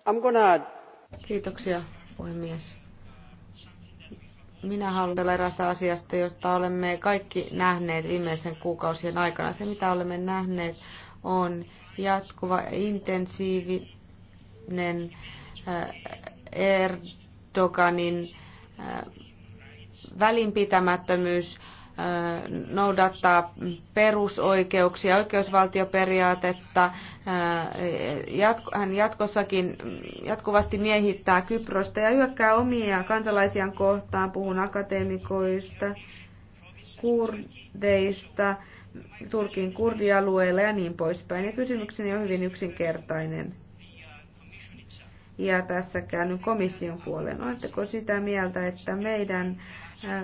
I'm gonna... Kiitoksia, puhemies. Minä haluan tällä erästä asiasta, josta olemme kaikki nähneet viimeisen kuukausien aikana. Se, mitä olemme nähneet, on jatkuva intensiivinen äh, Erdoganin äh, välinpitämättömyys äh, noudattaa perusoikeuksia, oikeusvaltioperiaatetta. Äh, hän jatkossakin mm, jatkuvasti miehittää Kyprosta ja hyökkää omia kansalaisiaan kohtaan. Puhun akateemikoista, kurdeista, Turkin kurdialueilla ja niin poispäin. Ja kysymykseni on hyvin yksinkertainen ja tässä käynyt komission puoleen. Oletteko sitä mieltä, että meidän äh,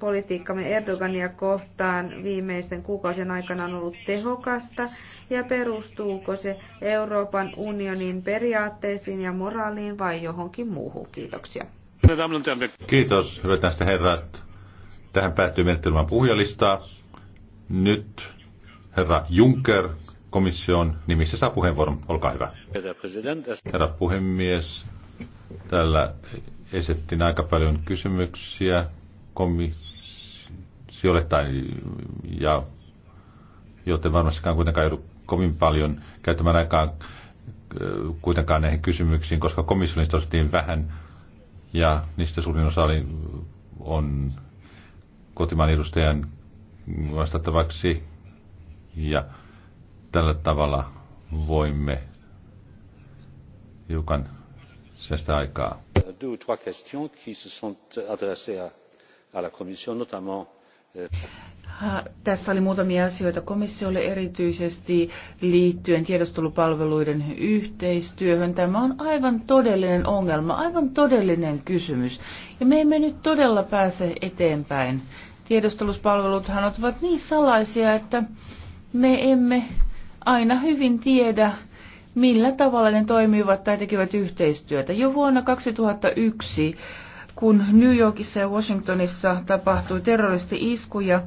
politiikkamme Erdogania kohtaan viimeisten kuukausien aikana on ollut tehokasta ja perustuuko se Euroopan unionin periaatteisiin ja moraaliin vai johonkin muuhun? Kiitoksia. Kiitos, hyvät näistä herrat. Tähän päättyy menettelymään puhujalistaa. Nyt herra Juncker komission nimissä saa puheenvuoron. Olkaa hyvä. Herra puhemies, täällä esittiin aika paljon kysymyksiä komissiolle tai, ja joten varmastikaan kuitenkaan joudu kovin paljon käyttämään aikaa äh, kuitenkaan näihin kysymyksiin, koska komissio niin vähän ja niistä suurin osa oli, on kotimaan edustajan vastattavaksi ja Tällä tavalla voimme hiukan säästää aikaa. Tässä oli muutamia asioita komissiolle erityisesti liittyen tiedostelupalveluiden yhteistyöhön. Tämä on aivan todellinen ongelma, aivan todellinen kysymys. Ja me emme nyt todella pääse eteenpäin. Tiedostelupalveluthan ovat niin salaisia, että me emme aina hyvin tiedä, millä tavalla ne toimivat tai tekevät yhteistyötä. Jo vuonna 2001, kun New Yorkissa ja Washingtonissa tapahtui terroristi-iskuja,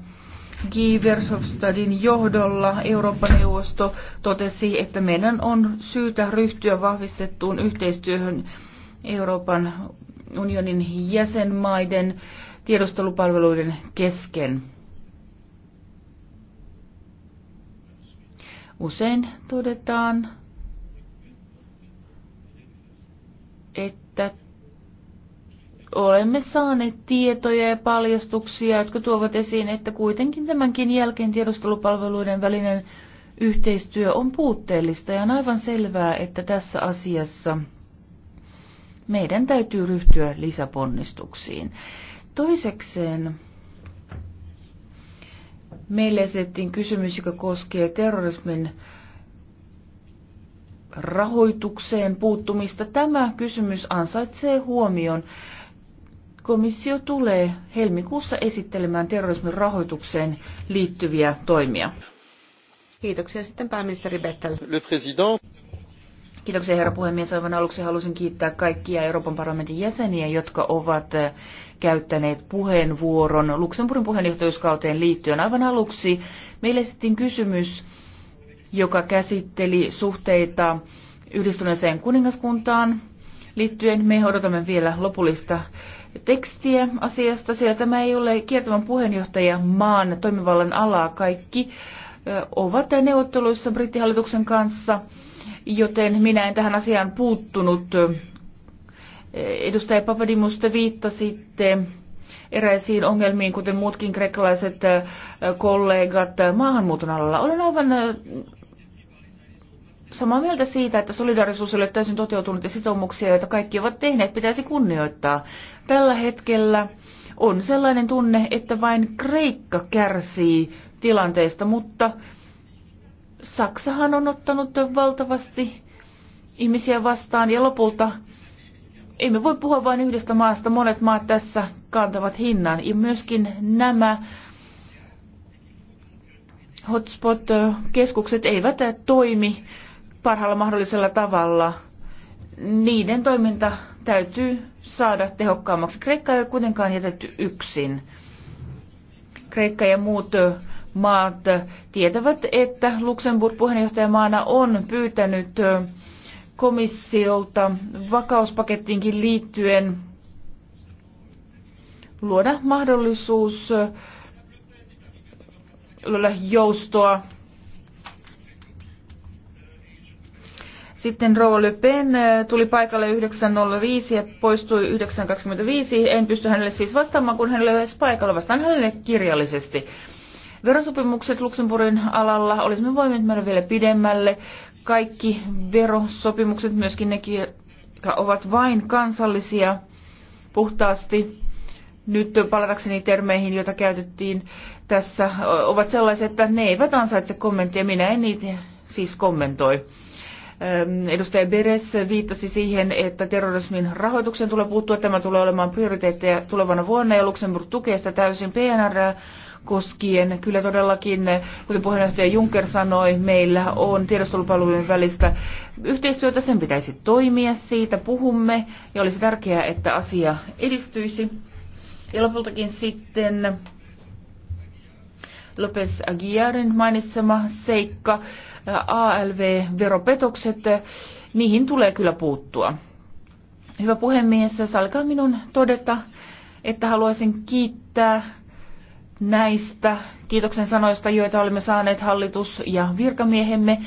Guy Verhofstadin johdolla Eurooppa-neuvosto totesi, että meidän on syytä ryhtyä vahvistettuun yhteistyöhön Euroopan unionin jäsenmaiden tiedustelupalveluiden kesken. Usein todetaan, että olemme saaneet tietoja ja paljastuksia, jotka tuovat esiin, että kuitenkin tämänkin jälkeen tiedustelupalveluiden välinen yhteistyö on puutteellista ja on aivan selvää, että tässä asiassa meidän täytyy ryhtyä lisäponnistuksiin. Toisekseen Meille esitettiin kysymys, joka koskee terrorismin rahoitukseen puuttumista. Tämä kysymys ansaitsee huomion. Komissio tulee helmikuussa esittelemään terrorismin rahoitukseen liittyviä toimia. Kiitoksia sitten pääministeri Bettel. Kiitoksia herra puhemies. Aivan aluksi halusin kiittää kaikkia Euroopan parlamentin jäseniä, jotka ovat eh, käyttäneet puheenvuoron Luxemburgin puheenjohtajuuskauteen liittyen. Aivan aluksi meille esitettiin kysymys, joka käsitteli suhteita yhdistyneeseen kuningaskuntaan liittyen. Me odotamme vielä lopullista tekstiä asiasta, sillä tämä ei ole kiertävän puheenjohtaja maan toimivallan alaa. Kaikki eh, ovat neuvotteluissa brittihallituksen kanssa – joten minä en tähän asiaan puuttunut. Edustaja Papadimus, te viittasitte eräisiin ongelmiin, kuten muutkin kreikkalaiset kollegat maahanmuuton alalla. Olen aivan samaa mieltä siitä, että solidaarisuus ei ole täysin toteutunut ja sitoumuksia, joita kaikki ovat tehneet, pitäisi kunnioittaa. Tällä hetkellä on sellainen tunne, että vain Kreikka kärsii tilanteesta, mutta Saksahan on ottanut valtavasti ihmisiä vastaan ja lopulta emme voi puhua vain yhdestä maasta. Monet maat tässä kantavat hinnan ja myöskin nämä hotspot-keskukset eivät toimi parhaalla mahdollisella tavalla. Niiden toiminta täytyy saada tehokkaammaksi. Kreikka ei ole kuitenkaan jätetty yksin. Kreikka ja muut maat tietävät, että Luxemburg puheenjohtajamaana on pyytänyt komissiolta vakauspakettiinkin liittyen luoda mahdollisuus luoda joustoa. Sitten Rouva Le Pen tuli paikalle 9.05 ja poistui 9.25. En pysty hänelle siis vastaamaan, kun hän ei ole edes paikalla. Vastaan hänelle kirjallisesti verosopimukset Luxemburgin alalla. Olisimme voineet mennä vielä pidemmälle. Kaikki verosopimukset, myöskin nekin jotka ovat vain kansallisia puhtaasti, nyt palatakseni termeihin, joita käytettiin tässä, ovat sellaisia, että ne eivät ansaitse kommenttia. Minä en niitä siis kommentoi. Ehm, edustaja Beres viittasi siihen, että terrorismin rahoitukseen tulee puuttua. Tämä tulee olemaan prioriteetteja tulevana vuonna ja Luxemburg tukee sitä täysin. PNR koskien. Kyllä todellakin, kuten puheenjohtaja Juncker sanoi, meillä on tiedostolupalvelujen välistä yhteistyötä, sen pitäisi toimia, siitä puhumme ja olisi tärkeää, että asia edistyisi. Ja lopultakin sitten Lopez Aguiarin mainitsema seikka, ALV-veropetokset, niihin tulee kyllä puuttua. Hyvä puhemies, salkaa minun todeta, että haluaisin kiittää näistä kiitoksen sanoista, joita olemme saaneet hallitus ja virkamiehemme.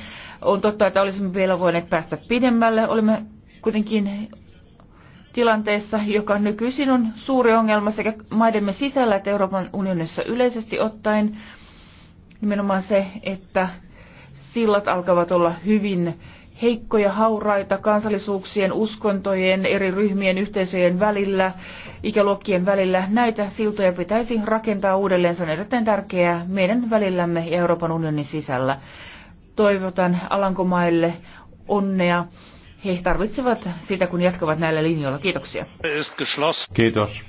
On totta, että olisimme vielä voineet päästä pidemmälle. Olemme kuitenkin tilanteessa, joka nykyisin on suuri ongelma sekä maidemme sisällä että Euroopan unionissa yleisesti ottaen. Nimenomaan se, että sillat alkavat olla hyvin heikkoja, hauraita kansallisuuksien, uskontojen, eri ryhmien, yhteisöjen välillä, ikäluokkien välillä. Näitä siltoja pitäisi rakentaa uudelleen. Se on erittäin tärkeää meidän välillämme ja Euroopan unionin sisällä. Toivotan Alankomaille onnea. He tarvitsevat sitä, kun jatkavat näillä linjoilla. Kiitoksia. Kiitos.